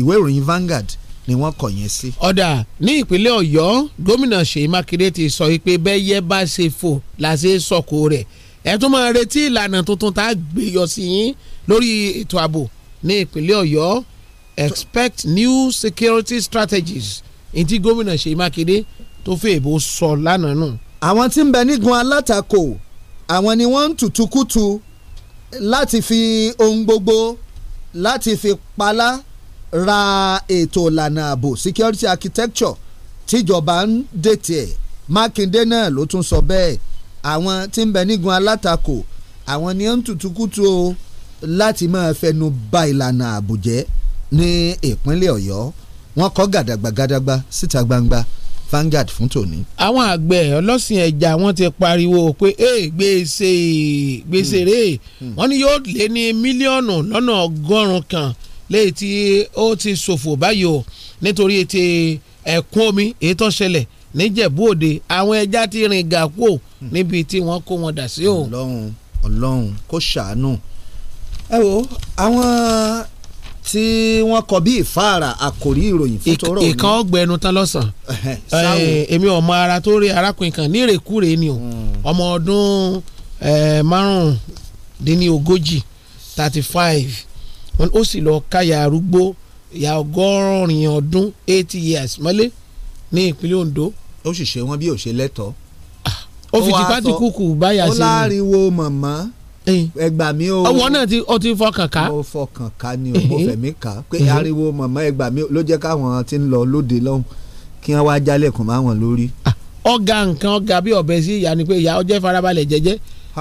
ìwé ìròyìn Vanguard ni wọ́n kọ̀ yẹn sí. ọ̀dà ní ìpínlẹ̀ Ọ̀yọ́ gómìnà Ṣèyí Mákindé ti sọ pé bẹ́yẹ bá ṣe fò la ṣe sọ̀kò rẹ̀ ẹ tún máa retí ìlànà tuntun tá a gbé yọ sí yín lórí ètò ààbò ní ìpínlẹ̀ Ọ̀yọ́ expect new security strategies ní ti gómìnà Ṣèyí Mákindé tó fẹ́ èbó sọ lánàá náà àwọn tí ń bẹ nígun alátakò àwọn ni wọ́n ń tùtùkùtù láti fi ohun gbogbo láti fi palá ra ètò ìlànà ààbò security architecture tíjọba ń dètè ẹ̀ Mákindé náà ló tún sọ bẹ́ẹ̀ àwọn tí ń bẹ nígun alátakò àwọn ni ń tùtùkùtù o láti máa fẹnu ba ìlànà ààbò jẹ́ ní ìpínlẹ̀ Ọ̀yọ́ wọ́n kọ́ gàdàgbà gàdàgbà síta gbangba. Si Vanguard fún tòní. àwọn àgbẹ̀ ọlọ́sìn ẹja wọ́n ti pariwo pé gbèsè gbèsè hmm. rè hmm. wọ́n ní yóò lé ní mílíọ̀nù lọ́nà ọgọ́rùn-ún kan léyìí tí ó ti ṣòfò báyìí o nítorí ti ẹ̀kún omi èyí tó ṣẹlẹ̀ níjẹ̀bú òde àwọn ẹja ti rìn gàpò hmm. níbi tí wọ́n kó wọn dà sí o. Ọlọ́run Ọlọ́run kó ṣàánú ẹ wo àwọn tí wọ́n kọ bí ìfáàrà àkòrí ìròyìn fún tọrọ òní. ìkan ọgbẹnu tán lọ́sàn. èmi ọmọ ara tó rí arákùnrin kan nírèkúrè ni o hmm. ọmọ ọdún márùndínlógójì thirty five ó sì lọ káyà arúgbó ìyá ọgọ́rin ọdún eighty years mọ́lé ní ìpínlẹ̀ Ondo. ó sì ṣe wọn bí ò ṣe lẹ́tọ̀ọ́. Ah, ó fi tipátìkúkú báyà sí i. ó láriwo màmá ẹ gbà mí o. ọwọ́ náà ti ó ti fọkàn ká. mo fọkàn ká ni o mo fẹ̀mí ká pé ariwo màmá ẹ gbà ló jẹ́ káwọn ti ń lọ lóde lọ́hùn kí wọ́n wá jálẹ̀kùn máa wọn lórí. ọ̀gá nǹkan ọ̀gá bí ọ̀bẹ sí ìyá ni pé ìyá ọjẹ́ farabalẹ̀ jẹ́jẹ́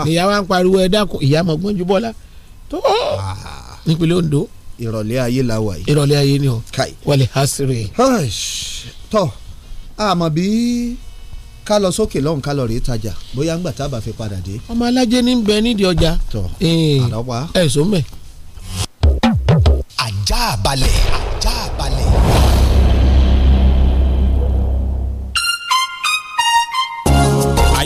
ìyá wa ń pariwo ẹ dákun ìyá mọ̀gbọ́n ju bọ́lá tó nípínlẹ̀ Ondo. ìrọ̀lẹ́ ayé la wà yìí. ìrọ̀lẹ́ ayé ni o wọlé ká lọ sókè lọ́hùn ká lọ rèé tajà bóyá ńgbà tá a bá fi padà dé. ọmọ alájẹ ní bẹ nídìí ọjà ẹ̀sùn mẹ́. ajá balẹ̀ ajá balẹ̀.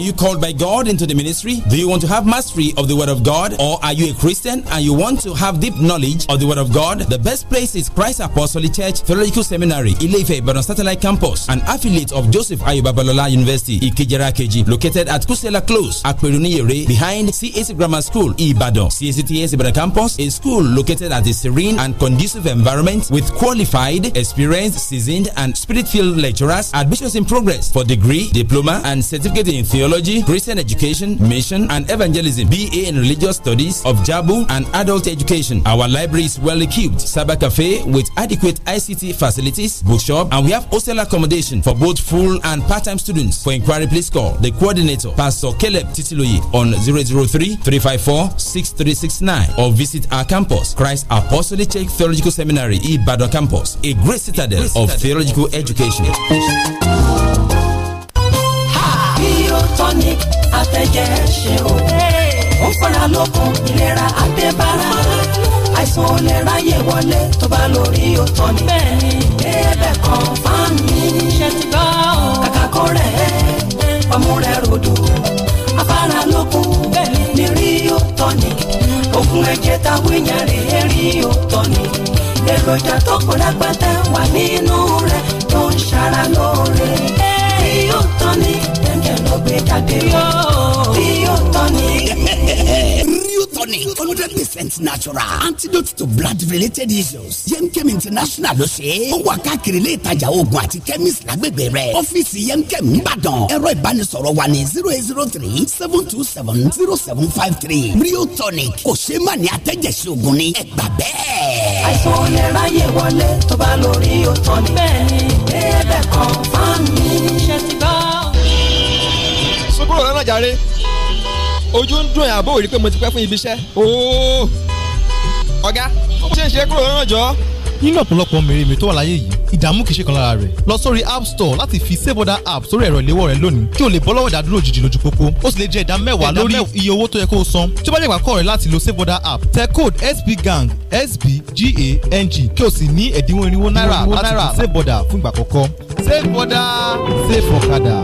you called by God into the ministry? Do you want to have mastery of the Word of God? Or are you a Christian and you want to have deep knowledge of the Word of God? The best place is Christ Apostolic Church Theological Seminary, Ilefe, Ibadan Satellite Campus, an affiliate of Joseph Ayuba University, Ikijera Keji, located at Kusela Close, Akperuniyere, behind CAC Grammar School, Ibadan. CACTS Ibadan Campus, a school located at a serene and conducive environment with qualified, experienced, seasoned, and spirit-filled lecturers. Admissions in progress for degree, diploma, and certificate in theology Theology, Christian Education, Mission and Evangelism, BA in Religious Studies of JABU and Adult Education. Our library is well equipped, cyber cafe with adequate ICT facilities, bookshop, and we have hostel accommodation for both full and part-time students. For inquiry, please call the coordinator, Pastor Caleb Titiloye on 003-354-6369 or visit our campus, Christ Apostolic Church Theological Seminary, Ibadan Campus, a great citadel, a great citadel of theological, theological education. education. tonic àtẹ̀jẹ̀ ṣe o. ó fara lókun ìlera àtẹ̀bára. àìsàn ò lè ráyè wọlé tó bá lórí o tonic. bẹ́ẹ̀ni ẹ̀ẹ́dẹ̀ kan fáàmì. ṣe o. kàkà kó rẹ̀ ọmú rẹ̀ rodo. afara lókun bẹ́ẹ̀ni ni rio tonic. òfun ẹ̀jẹ̀ ta wíyàn rè é rio tonic. èròjà tó kọ́ lágbàtà wà nínú rẹ̀ tó ń ṣara lóore. rio tonic ló gbé jáde yóò rio tonic. rio tonic hundred percent natural antidote to blood related issues yemkem international ló ṣe é ó wà káàkiri ilé ìtajà oògùn àti chemist lágbègbè rẹ ọ́fíìsì yemkem nìbàdàn ẹ̀rọ ìbánisọ̀rọ̀ wà ní zero eight zero three seven two seven zero seven five three rio tonic kò ṣe é má ní atẹ́jẹsí oògùn ni ẹ gbà bẹ́ẹ̀. àìsàn olè ráyè wọlé tó bá lórí rio tonic. bẹ́ẹ̀ni ẹ̀ẹ́dẹ̀ kan fún mi. ṣe ti gbọ́ kúrò lọ́nà jàre ojú ń dùn àbó òrí pé mo ti pẹ́ fún ibi iṣẹ́ ọ̀gá ó ṣe ń ṣe kúrò lọ́nà jọ. nínú ọ̀pọ̀lọpọ̀ mèremè tó wà láyé yìí ìdààmú kìí ṣe kan lára rẹ̀ lọ sórí app store láti fi saveoda app sórí ẹ̀rọ ìléwọ́ rẹ lónìí kí o lè bọ́ lọ́wọ́ ìdádúró òjijì lójú pópó ó sì lè jẹ́ ìdá mẹ́wàá lórí iye owó tó yẹ kó o san tí ó bá jẹ́ ìpàkọ́ rẹ láti lo saveoda app tẹ code sbgang sbgang kí o sì ní ẹ̀dínwó irinwó náírà láti fi saveoda fún ìgbà àkọ́kọ́ saveoda safe ọ̀kadà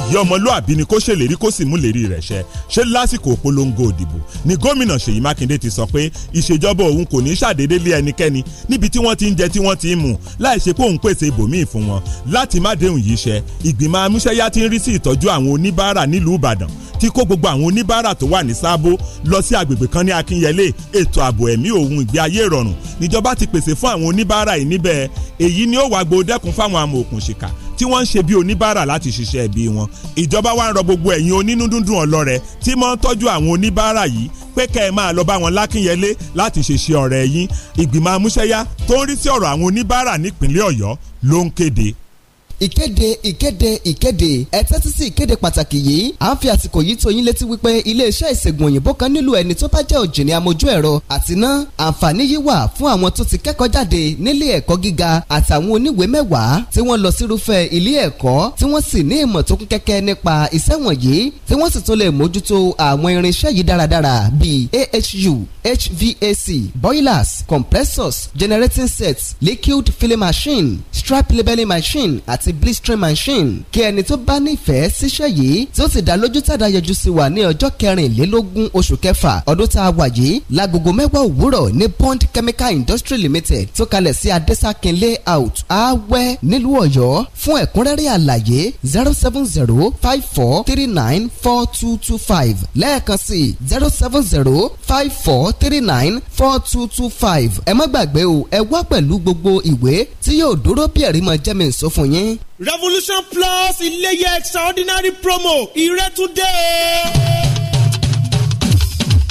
ìyá ọmọlúàbí ni kó ṣèlérí kó sì múlérí rẹ̀ ṣẹ ṣe lásìkò polongo òdìbò ni gómìnà Ṣèyí Mákindé ti sọ pé ìṣèjọba òun kò ní ṣàdédé lé ẹnikẹ́ni níbi tí wọ́n ti ń jẹ tí wọ́n ti ń mu láì ṣe pé òun pèsè ibòmíì fún wọn láti má déhùn yìí ṣẹ ìgbìmọ̀ amúṣẹ́yá ti ń rí sí ìtọ́jú àwọn oníbàárà nílùú Ìbàdàn ti kó gbogbo àwọn oníbàárà tó wà ní sáàbò lọ sí agbègbè kan ní Akínyẹlé ètò ààbò ẹ̀mí òun ìgbé ayé ìrọ̀rùn níjọba ti pèsè fún àwọn oníbàárà yìí níbẹ̀ èyí ni ó wàá gbòdẹ́kun fáwọn amòòkùnṣìkà tí wọ́n ń ṣe bí oníbàárà láti ṣiṣẹ́ ẹbí wọn ìjọba wa ń rọ gbogbo ẹ̀yin onínúdúndùn ọlọ́rẹ̀ tí mọ́ ń tọ́jú àwọn oníbàárà yìí pé kẹ́ ẹ máa lọ bá wọn lákínyẹlé láti ṣèṣe ọ̀rẹ́ yín ìgbìmọ̀ amúṣẹ́yá tó ń rí sí ọ̀rọ̀ àwọn oníbàárà nípínlẹ̀ ọ̀yọ́ ló ń kéde ìkéde ìkéde ìkéde ẹ tẹ́tí sí ìkéde pàtàkì yìí à ń fi àsìkò yìí tó yín létí wípé iléeṣẹ́ ìṣègùn òyìnbó kan nílò ẹni tó bá jẹ́ òjìní amójú ẹ̀rọ àti ná àǹfààní yìí wà fún àwọn tó ti kẹ́kọ̀ọ́ jáde nílé ẹ̀kọ́ gíga àtàwọn oníwèé mẹ́wàá tí wọ́n lọ sírúfẹ́ ilé ẹ̀kọ́ tí wọ́n sì ní ìmọ̀ tó kún kẹ́kẹ́ nípa iṣẹ́ wọ̀nyí tí wọ́n sì tún lè mójútó àwọn irinṣẹ́ yìí dáradára bíi AHU HVAC boilers compressors generating sets liquid filling machine strap labeling machine àti àti blistering machine kí ẹni tó bá nífẹ̀ẹ́ síṣẹ́ yìí tí ó sì dá lójú tàdá yọjú sí wa ní ọjọ́ kẹrìnlélógún oṣù kẹfà ọdún tá a wà yìí lágogo mẹ́wàá òwúrọ̀ ní Bond Chemical Industry Limited tó kalẹ̀ sí Adésákin layout Awẹ́ nílùú Ọ̀yọ́ fún ẹ̀kúnrẹ́rẹ́ àlàyé zero seven zero five four three nine four two two five lẹ́ẹ̀kan sí zero seven zero five four three nine four two two five ẹ má gbàgbé o ẹ wá pẹ̀lú gbogbo ìwé tí yóò dúró bí ẹ̀rí mọ jẹ́mi nsọ revolution plus iléyẹ extraordinary promo ìrẹ́túndé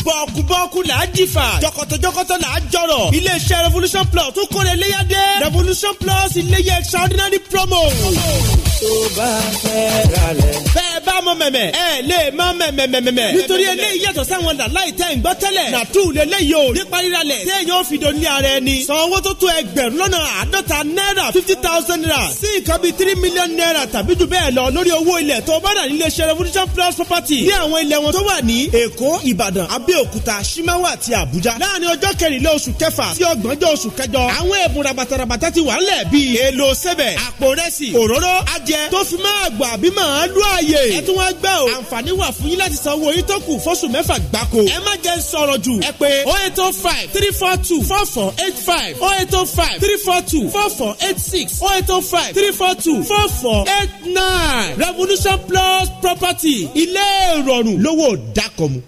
bọ́ọ̀kú-bọ́ọ̀kú là á jìfà jọkọ̀tọ̀jọkọ̀tọ̀ là á jọ̀rọ̀ iléeṣẹ́ revolution plus tún kọ́ni ẹlẹ́yàdé revolution plus iléyẹ extraordinary promo. oh tó bá fẹ́ ralẹ̀. bẹ́ẹ̀ bá mọ mẹ̀mẹ̀ ẹ lè má mẹ̀mẹ̀ mẹ̀mẹ̀. nítorí eléyìí yàtọ̀ sáwọn làláì tẹ́ ń gbọ́ tẹ́lẹ̀. nàtú lélẹ́yìí o nípa ríralẹ̀ tí èèyàn fi dòní ara ẹni. san owó tó tó ẹgbẹ̀rún lọ́nà àádọ́ta náírà fifty thousand naira sí nǹkan bíi three million naira tàbí jù bẹ́ẹ̀ lọ lórí owó ilẹ̀ tó bá dà nílé ṣe revolution plus property ní àwọn ilẹ̀ wọn tó wà ní èkó ìbàdàn abẹ́òkúta simawa àti àbújá láàrin ọjọ́ kẹrìnlá oṣù kẹfà sí ọgbọ̀njọ́ oṣù kẹjọ àwọn ẹ̀bùn rabatarabata ti wà ń lẹ̀ bíi èlò sẹ́bẹ̀ àpò rẹ́sì òróró jẹ tó fi máa gbà bí màá lú àyè. ẹ tún wá gbẹ́ o àǹfààní wà fún yín láti san owó yín tó kù fóṣù mẹ́fà gbáko. ẹ má jẹ́ sọ̀rọ̀ jù ẹ pé oh eight oh five three four two four four eight five oh eight oh five three four two four four eight six oh eight oh five three four two four four eight nine revolution plus property ilé ìrọ̀rùn lówó dákọ̀mu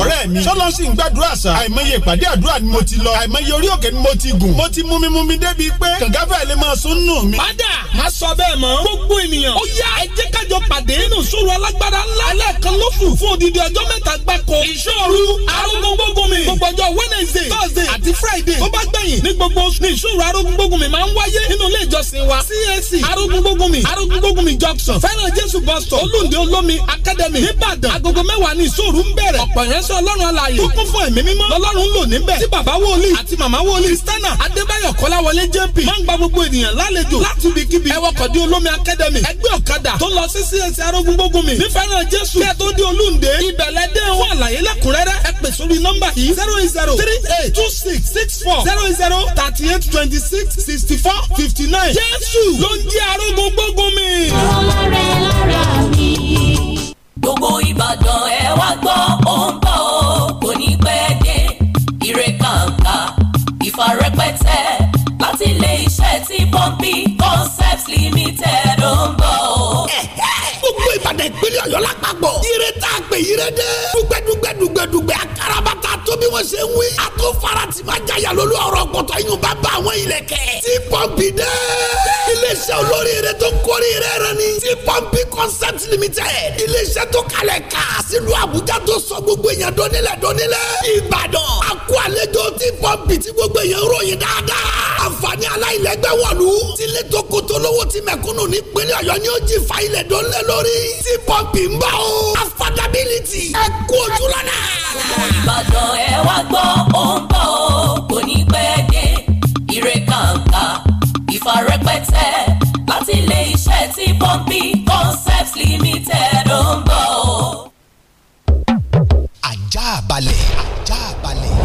ọ̀rẹ́ mi sọ́lọ́ sì ń gbàdúrà sá àìmọye ìpàdé àdúrà ni mo ti lọ àìmọye orí òkè ni mo ti gùn mo ti mumi mumi débi pé kàngáfẹ́ lè máa sún nù mí. padà má sọ bẹ́ẹ̀ mọ́ gbogbo ènìyàn ó yá ẹ jẹ́ kájọ pàdé nínú sóru alágbára ńlá ẹlẹ́ẹ̀kan lóṣù fún odidi ọjọ́ mẹ́ta gbáko ìṣòro arógúngbógunmi gbogbo ọjọ́ wednesday thursday àti friday tó bá gbẹ̀yìn ní gbogbo oṣù ní ìṣòro arógúngbógunmi máa ń wáyé nínú ilé ìjọsìn wa csc arógúngbógunmi arógúngbógunmi junction fẹ́ràn jésù bus stop olóńdé olómi academy níbàdàn agogo mẹ́wàá ní ìṣòro ń bẹ̀rẹ̀ ìránṣẹ́ ọlọ́run alààyè tó kún fún ẹ̀mí mímọ́ lọ́lọ́run lò níbẹ̀ tí bàbá wòlíì àti màmá wòlíì kristiana adébáyọ̀ kọ́láwọlé jp máa ń gba gbogbo ènìyàn lálejò láti ibikíbi ẹ wọkọ̀ dé olómi akademi ẹgbẹ́ ọ̀kadà tó lọ sí csc arógún gbógunmi nífẹ̀ràn jésù kí tó dé olóńdè ìbẹ̀lẹ̀ dé wọ́n àlàyé lẹ́kùnrẹ́rẹ́ ẹ pè sórí nọ́mbà yìí zero gbogbo ìbàdàn ẹ wá gbọ́ ó ń bọ̀ ó kò ní pẹ́ dé ire kàǹkà ìfarẹ́pẹ́tẹ́ láti ilé iṣẹ́ ti pọ́ńpì concepts limited ó ń bọ̀ ó. gbogbo ìbàdàn ìpínlẹ̀ ọ̀yọ́ lápapọ̀ ire tá a pè ire dé dùgbẹ́dùgbẹ́dùgbẹ́dùgbẹ́ akarabata bí wọ́n ṣe ń wí. a tó fara tí ma jaya lólu ọ̀rọ̀ gbọ̀tọ̀ yín bá bá àwọn ilẹ̀ kẹ́. tí pọ́ǹpì dẹ́. iléeṣẹ́ olórí rẹ tó ń kórè rẹ rẹ ni. tí pọ́ǹpì consent limited. iléeṣẹ́ tó kalẹ̀ ká sílùú àbújá tó sọ gbogbo èèyàn dọ́nilẹ̀ dọ́nilẹ̀. ìbàdàn a kó àlejò tí pọ́ǹpì tí gbogbo èèyàn ròyìn dáadáa. àǹfààní aláìlẹ́gbẹ́ wọ̀lú. tílé tó koto lówó ti mẹ̀kúnnù ní pẹ̀lú ọ̀yọ́ ni ó jì fa ilẹ̀ dọ́nilẹ̀ lórí. tí pọ́ǹpì ń bá o. affordability ẹ kú ojú ìbàdàn ẹ ẹ wá gbọ́ ó ń bọ̀ ó kò ní pẹ́ dé ire kàǹkà ìfarẹ́pẹ́tẹ́ láti ilé iṣẹ́ tí pọ́ńpì concepts limited ó ń bọ̀ ó. ajá balẹ̀ ajá balẹ̀.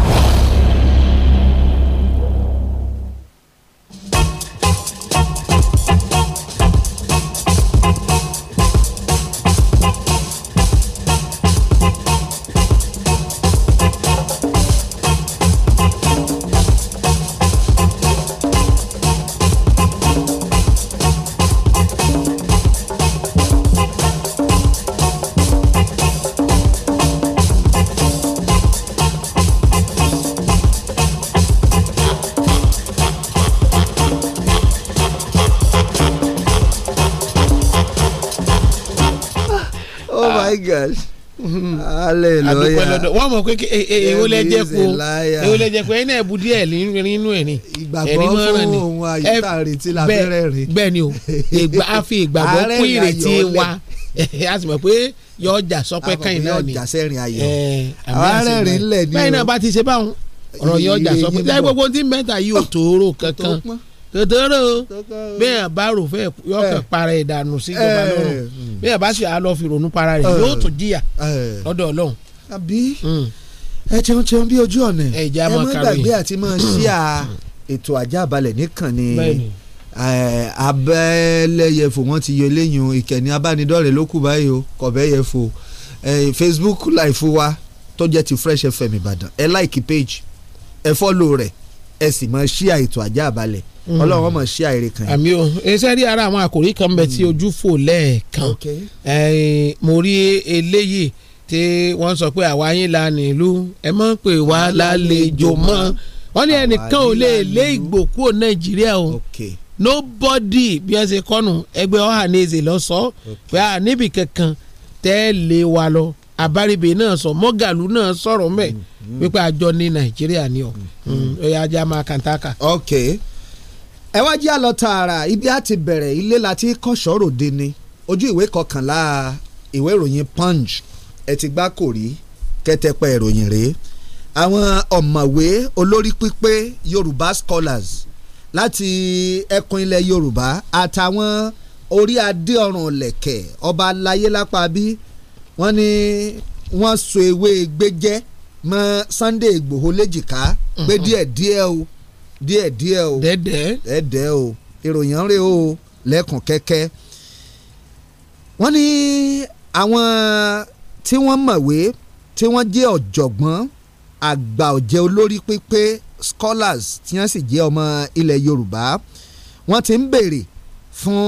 hallelujah wọ́n mọ̀ pé èwo e, e, lẹ jẹ́ ko èwo lẹ jẹ́ ko ẹ̀yin náà bu nínú ẹ̀ ni ìgbàgbọ́ fún ohun àyíká ìrètí ni o a fi ìgbàgbọ́ kún ìrètí wa a sì mọ̀ pé yọ ọjà sọpẹ́ kẹ́yìn náà ni àwọn arẹ́rìn ńlẹ̀ ni o bẹ́ẹ̀ náà bá ti ṣe báwọn ọ̀rọ̀ yọ ọjà sọpẹ́ gbogbo tí mẹ́ta yìí ò tòóró kankan tòtòrò bẹ́ẹ̀ bá rò fẹ́ yọ kàn eh. para ẹ̀ dànù sí ìjọba eh. lọ́rùn bẹ́ẹ̀ bá sì á lọ fi ronú para rẹ̀ yóò eh. tún jìyà lọ́dọ̀ ọlọ́run. àbí hmm. ẹ jẹun jẹun bí ojú ọ̀nà ẹ má gbàgbé àti máa hmm. ṣí à ètò àjàbalẹ̀ nìkan ni abẹ́lẹ́yẹfò wọ́n ti yọ eléyìn ìkànnì abánidọ́rẹ̀ẹ́ ló kù báyìí o kọ̀bẹ́yẹfò Facebook live wa tó jẹ́ ti Fresh FM Ìbàdàn ẹ like page ẹ follow rẹ̀ ẹ sì mọ ṣí àìtò ajá balẹ̀ mm. ọlọ́run mọ̀ ṣí àìrè kan. àmì o iṣẹ́ rí ara àwọn àkòrí kan bẹ tí mm. ojú fò lẹ́ẹ̀kan mo rí eléyìí tí wọ́n sọ pé àwa yín la nílùú ẹ mọ̀ pé wà á lálejò mọ́ wọ́n ní ẹnìkan ò lè lé ìgbò kúrò nàìjíríà o nobody bí wọ́n ṣe kọ́nu ẹgbẹ́ ọ̀hánẹ́sẹ̀ lọ́sọ̀ọ́ pé à níbì kankan tẹ́ lé wa lọ àbáribè náà sọ mọ́gàlú náà sọ̀rọ̀ mẹ́ mm, mm. wípé àjọ ní nàìjíríà ni ọ ẹ̀yà mm, ajá máa kàńtàkà. ok ẹ wá jẹ́ àlọ́ tààrà ibi á ti bẹ̀rẹ̀ ilé la ti kọ́ṣọ́ ròde ni ojú ìwé kọkànlá ìwé ìròyìn punch ẹ ti gbá kò rí kẹtẹpẹ ìròyìn rèé àwọn ọ̀mọ̀wé olórí pípé yorùbá scholars láti ẹkùn ilẹ̀ yorùbá àtàwọn orí adé ọ̀rùn lẹ̀kẹ̀ ọba aláyé lápá bíi wọ́n ní wọ́n so ewé gbẹ́jẹ́ mọ́ Sunday Ìgbòho léjìká pé díẹ̀díẹ̀ o díẹ̀díẹ̀ o dẹ́dẹ́ dẹ́dẹ́ o ìròyìn rẹ̀ o lẹ́kùn kẹ́kẹ́ wọ́n ní àwọn tí wọ́n mọ̀wé tí wọ́n jẹ́ ọ̀jọ̀gbọ́n àgbà ọ̀jẹ̀ olórí pípé scholars tí wọ́n sì jẹ́ ọmọ ilẹ̀ Yorùbá wọ́n ti ń béèrè fún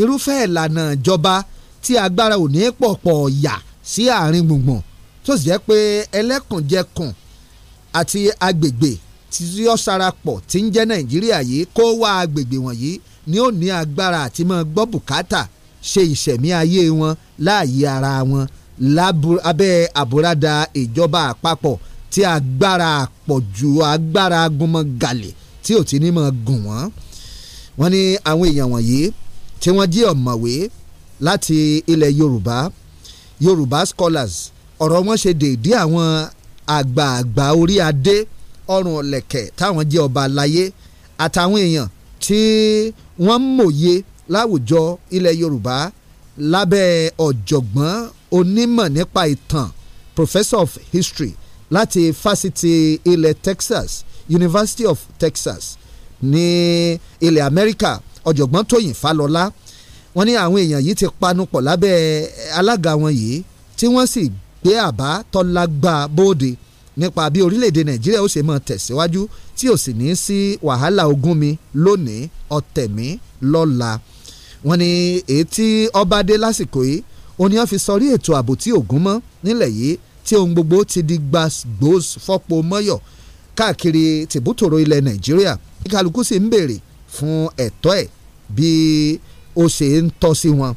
irúfẹ́ ìlànà ìjọba tí agbára ò ní pọ̀pọ̀ yà sí àárín gbùngbùn tó sì jẹ́ pé ẹlẹ́kùnjẹkùn àti agbègbè tí ó sarapọ̀ tí ń jẹ́ nàìjíríà yìí kó wá agbègbè wọ̀nyí ni ó ní agbára àti máa gbọ́ bùkátà ṣe ìṣẹ̀mí ayé wọn láàyè ara wọn lábẹ́ àbúradà ìjọba àpapọ̀ tí agbára àpọ̀jù agbára agunmọ̀gàlè tí ò ti ní máa gùn wọ́n. wọ́n ní àwọn èèyàn wọ̀nyí tí wọ́n jí ọ̀mọ̀wé láti ilẹ̀ yorùbá yorùbá scholars ọ̀rọ̀ wọn ṣe déédéé àwọn àgbààgbà orí adé ọrùn ọ̀lẹ̀kẹ̀ táwọn jẹ́ ọba láyé àtàwọn èèyàn tí wọ́n ń mòye láwùjọ ilẹ̀ yorùbá lábẹ́ ọ̀jọ̀gbọ́n onímọ̀ nípa ìtàn professor of history láti fásitì ilẹ̀ texas university of texas ní ilẹ̀ amẹ́ríkà ọ̀jọ̀gbọ́n tóyìn falọ́lá wọ́n ní àwọn èèyàn yìí ti panupọ̀ lábẹ́ alága wọn yìí tí wọ́n sì gbé àbá tọ́lágbá bóde nípa bí orílẹ̀-èdè nàìjíríà ó ṣe máa tẹ̀síwájú tí ò sì ní í sí wàhálà ogún mi lónìí ọ̀tẹ̀ mi lọ́la wọ́n ní èyí tí ọba dé lásìkò yìí òní wọn fi sọrí ètò ààbò tí ògún mọ́ nílẹ̀ yìí tí ohun gbogbo ti di gbàgbós fọ́pọ̀ mọ́yọ̀ káàkiri tìbútòrò ilẹ̀ nàìjíríà kí sì ń béèrè fún ẹ̀tọ́ ẹ̀ bíi ó ṣe é ń tọ́ sí wọn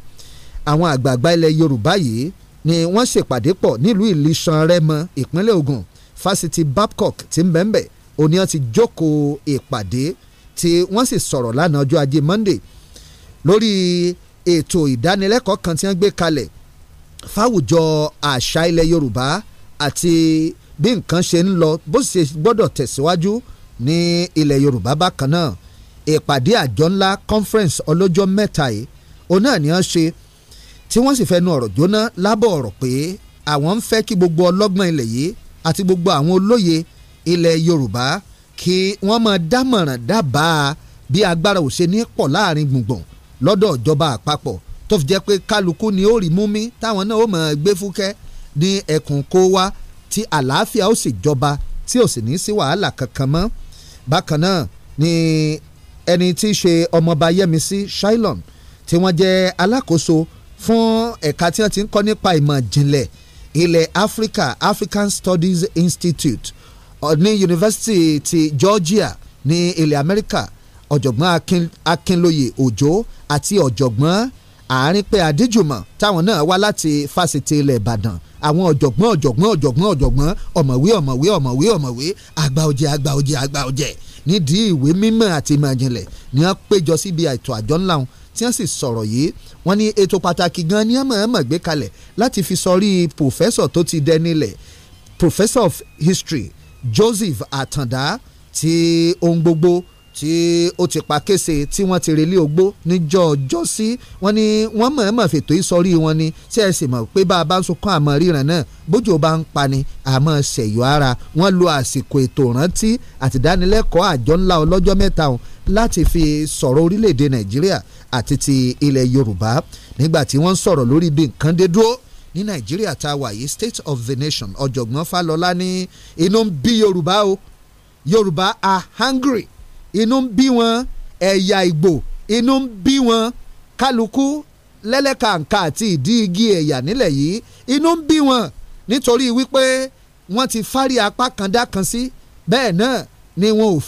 àwọn àgbààgbà ilẹ̀ Yorùbá yìí ni wọ́n ṣèpàdé pọ̀ nílùú Ìlíṣàn Rẹ́mọ ìpínlẹ̀ Ògùn fásitì Babcock ti ń bẹ́ńbẹ́ oníyàn ti jókòó ìpàdé tí wọ́n sì sọ̀rọ̀ lánàá ọjọ́ ajé Monday lórí ètò ìdánilẹ́kọ̀ọ́ kan tí wọ́n gbé kalẹ̀ fáwùjọ àṣà ilẹ̀ Yorùbá àti bí nǹkan ṣe ń lọ bó ṣe gbọ́dọ̀ tẹ̀síwájú ní ilẹ̀ Yorùbá bákan náà ìpàdé àjọ ńlá conference ọlọ́jọ́ mẹ́ta yìí òun náà ni wọ́n ṣe tí wọ́n sì fẹnu ọ̀rọ̀ jóná lábọ̀ ọ̀rọ̀ pé àwọn ń fẹ́ kí gbogbo ọlọ́gbọ́n ilẹ̀ yìí àti gbogbo àwọn olóye ilẹ̀ Yorùbá kí wọ́n máa dámọ̀ràn dábàá bí agbára ò ṣe ní pọ̀ láàrin gbùngbùn lọ́dọ̀ ìjọba àpapọ̀ tó fi jẹ́ pé kálukú ni ó rí mú mi táwọn náà ó máa gbé fúkẹ́ ní ẹkùn kó wá tí àlàáfíà ó sì jọba tí ò sì ní sí wàhálà kankan mọ́ bákan náà ni ẹni tí í ṣe ọmọọba Yẹmisí Shylon tí wọ́n jẹ́ alákòóso fún ẹ̀ka tí wọ́n ti ń kọ́ nípa ìmọ̀ ìjìnlẹ̀ ilẹ̀ Africa African Studies Institute ní yunifásitì ti Georgia ní ilẹ̀ Amẹ́ríkà ọ̀jọ̀gbọ́n Akínlóye Òjó àti ọ̀jọ̀gbọ́n Àrínpẹ̀ Adéjùmọ̀ táwọn náà wá láti fásitì ilẹ̀ Ìbàdàn àwọn ọ̀jọ̀gbọ́n ọ̀jọ̀gbọ́n ọ̀jọ̀gbọ́n ọ̀jọ̀gbọ́n ọ̀mọ̀wé ọ̀mọ̀wé ọ̀mọ̀wé ọ̀mọ̀wé àgbà ọ̀jẹ̀ àgbà ọ̀jẹ̀ àgbà ọ̀jẹ̀ nídìí ìwé mímọ́ àti ìmọ̀ ni wọ́n péjọ síbi àìtó àjọ ńlá wọn tí wọ́n sì sọ̀rọ̀ yìí wọ́n ní ètò pàtàkì gan ni àmọ́ ẹ̀mọ́ gbé kalẹ̀ láti fi sọrí pòfẹ́sọ̀ tó ti dẹnilẹ̀ professor of history Joseph Atanda ti ohun gbogbo tí ó ti pa kése tí wọ́n ti relé ogbó níjọ́ ọjọ́ sí wọ́n ní wọ́n mọ̀ọ́mọ̀ fètò ìsọ̀rí wọn ni tí ẹ sì mọ̀ pé bá a bá ń sunkún àmọ́ ríran náà bójú bá ń pani àmọ́ ṣẹ̀yọ́ ara wọ́n lo àsìkò ètò ìrántí àtìdánilẹ́kọ̀ọ́ àjọ ńlá ọlọ́jọ́ mẹ́ta ọ̀hún láti fi sọ̀rọ̀ orílẹ̀-èdè nàìjíríà àti ti ilẹ̀ yorùbá nígbà tí wọ́n sọ̀rọ̀ lórí bí nǹkan dé dúró ní nàìjíríà tá a state of the nation ọ̀jọ̀gbọ́n falọ́lá ní inú ń bí yorùbá o yorùbá are hungry inú ń bí wọn ẹ̀yà ìgbò inú ń bí wọn kálukú lẹ́lẹ́kàǹkà àti ìdí igi ẹ̀yà nílẹ̀ yìí inú ń bí wọn nítorí wípé wọ́n ti fárí apá kan dá kan sí bẹ́ẹ̀ náà ni wọn ò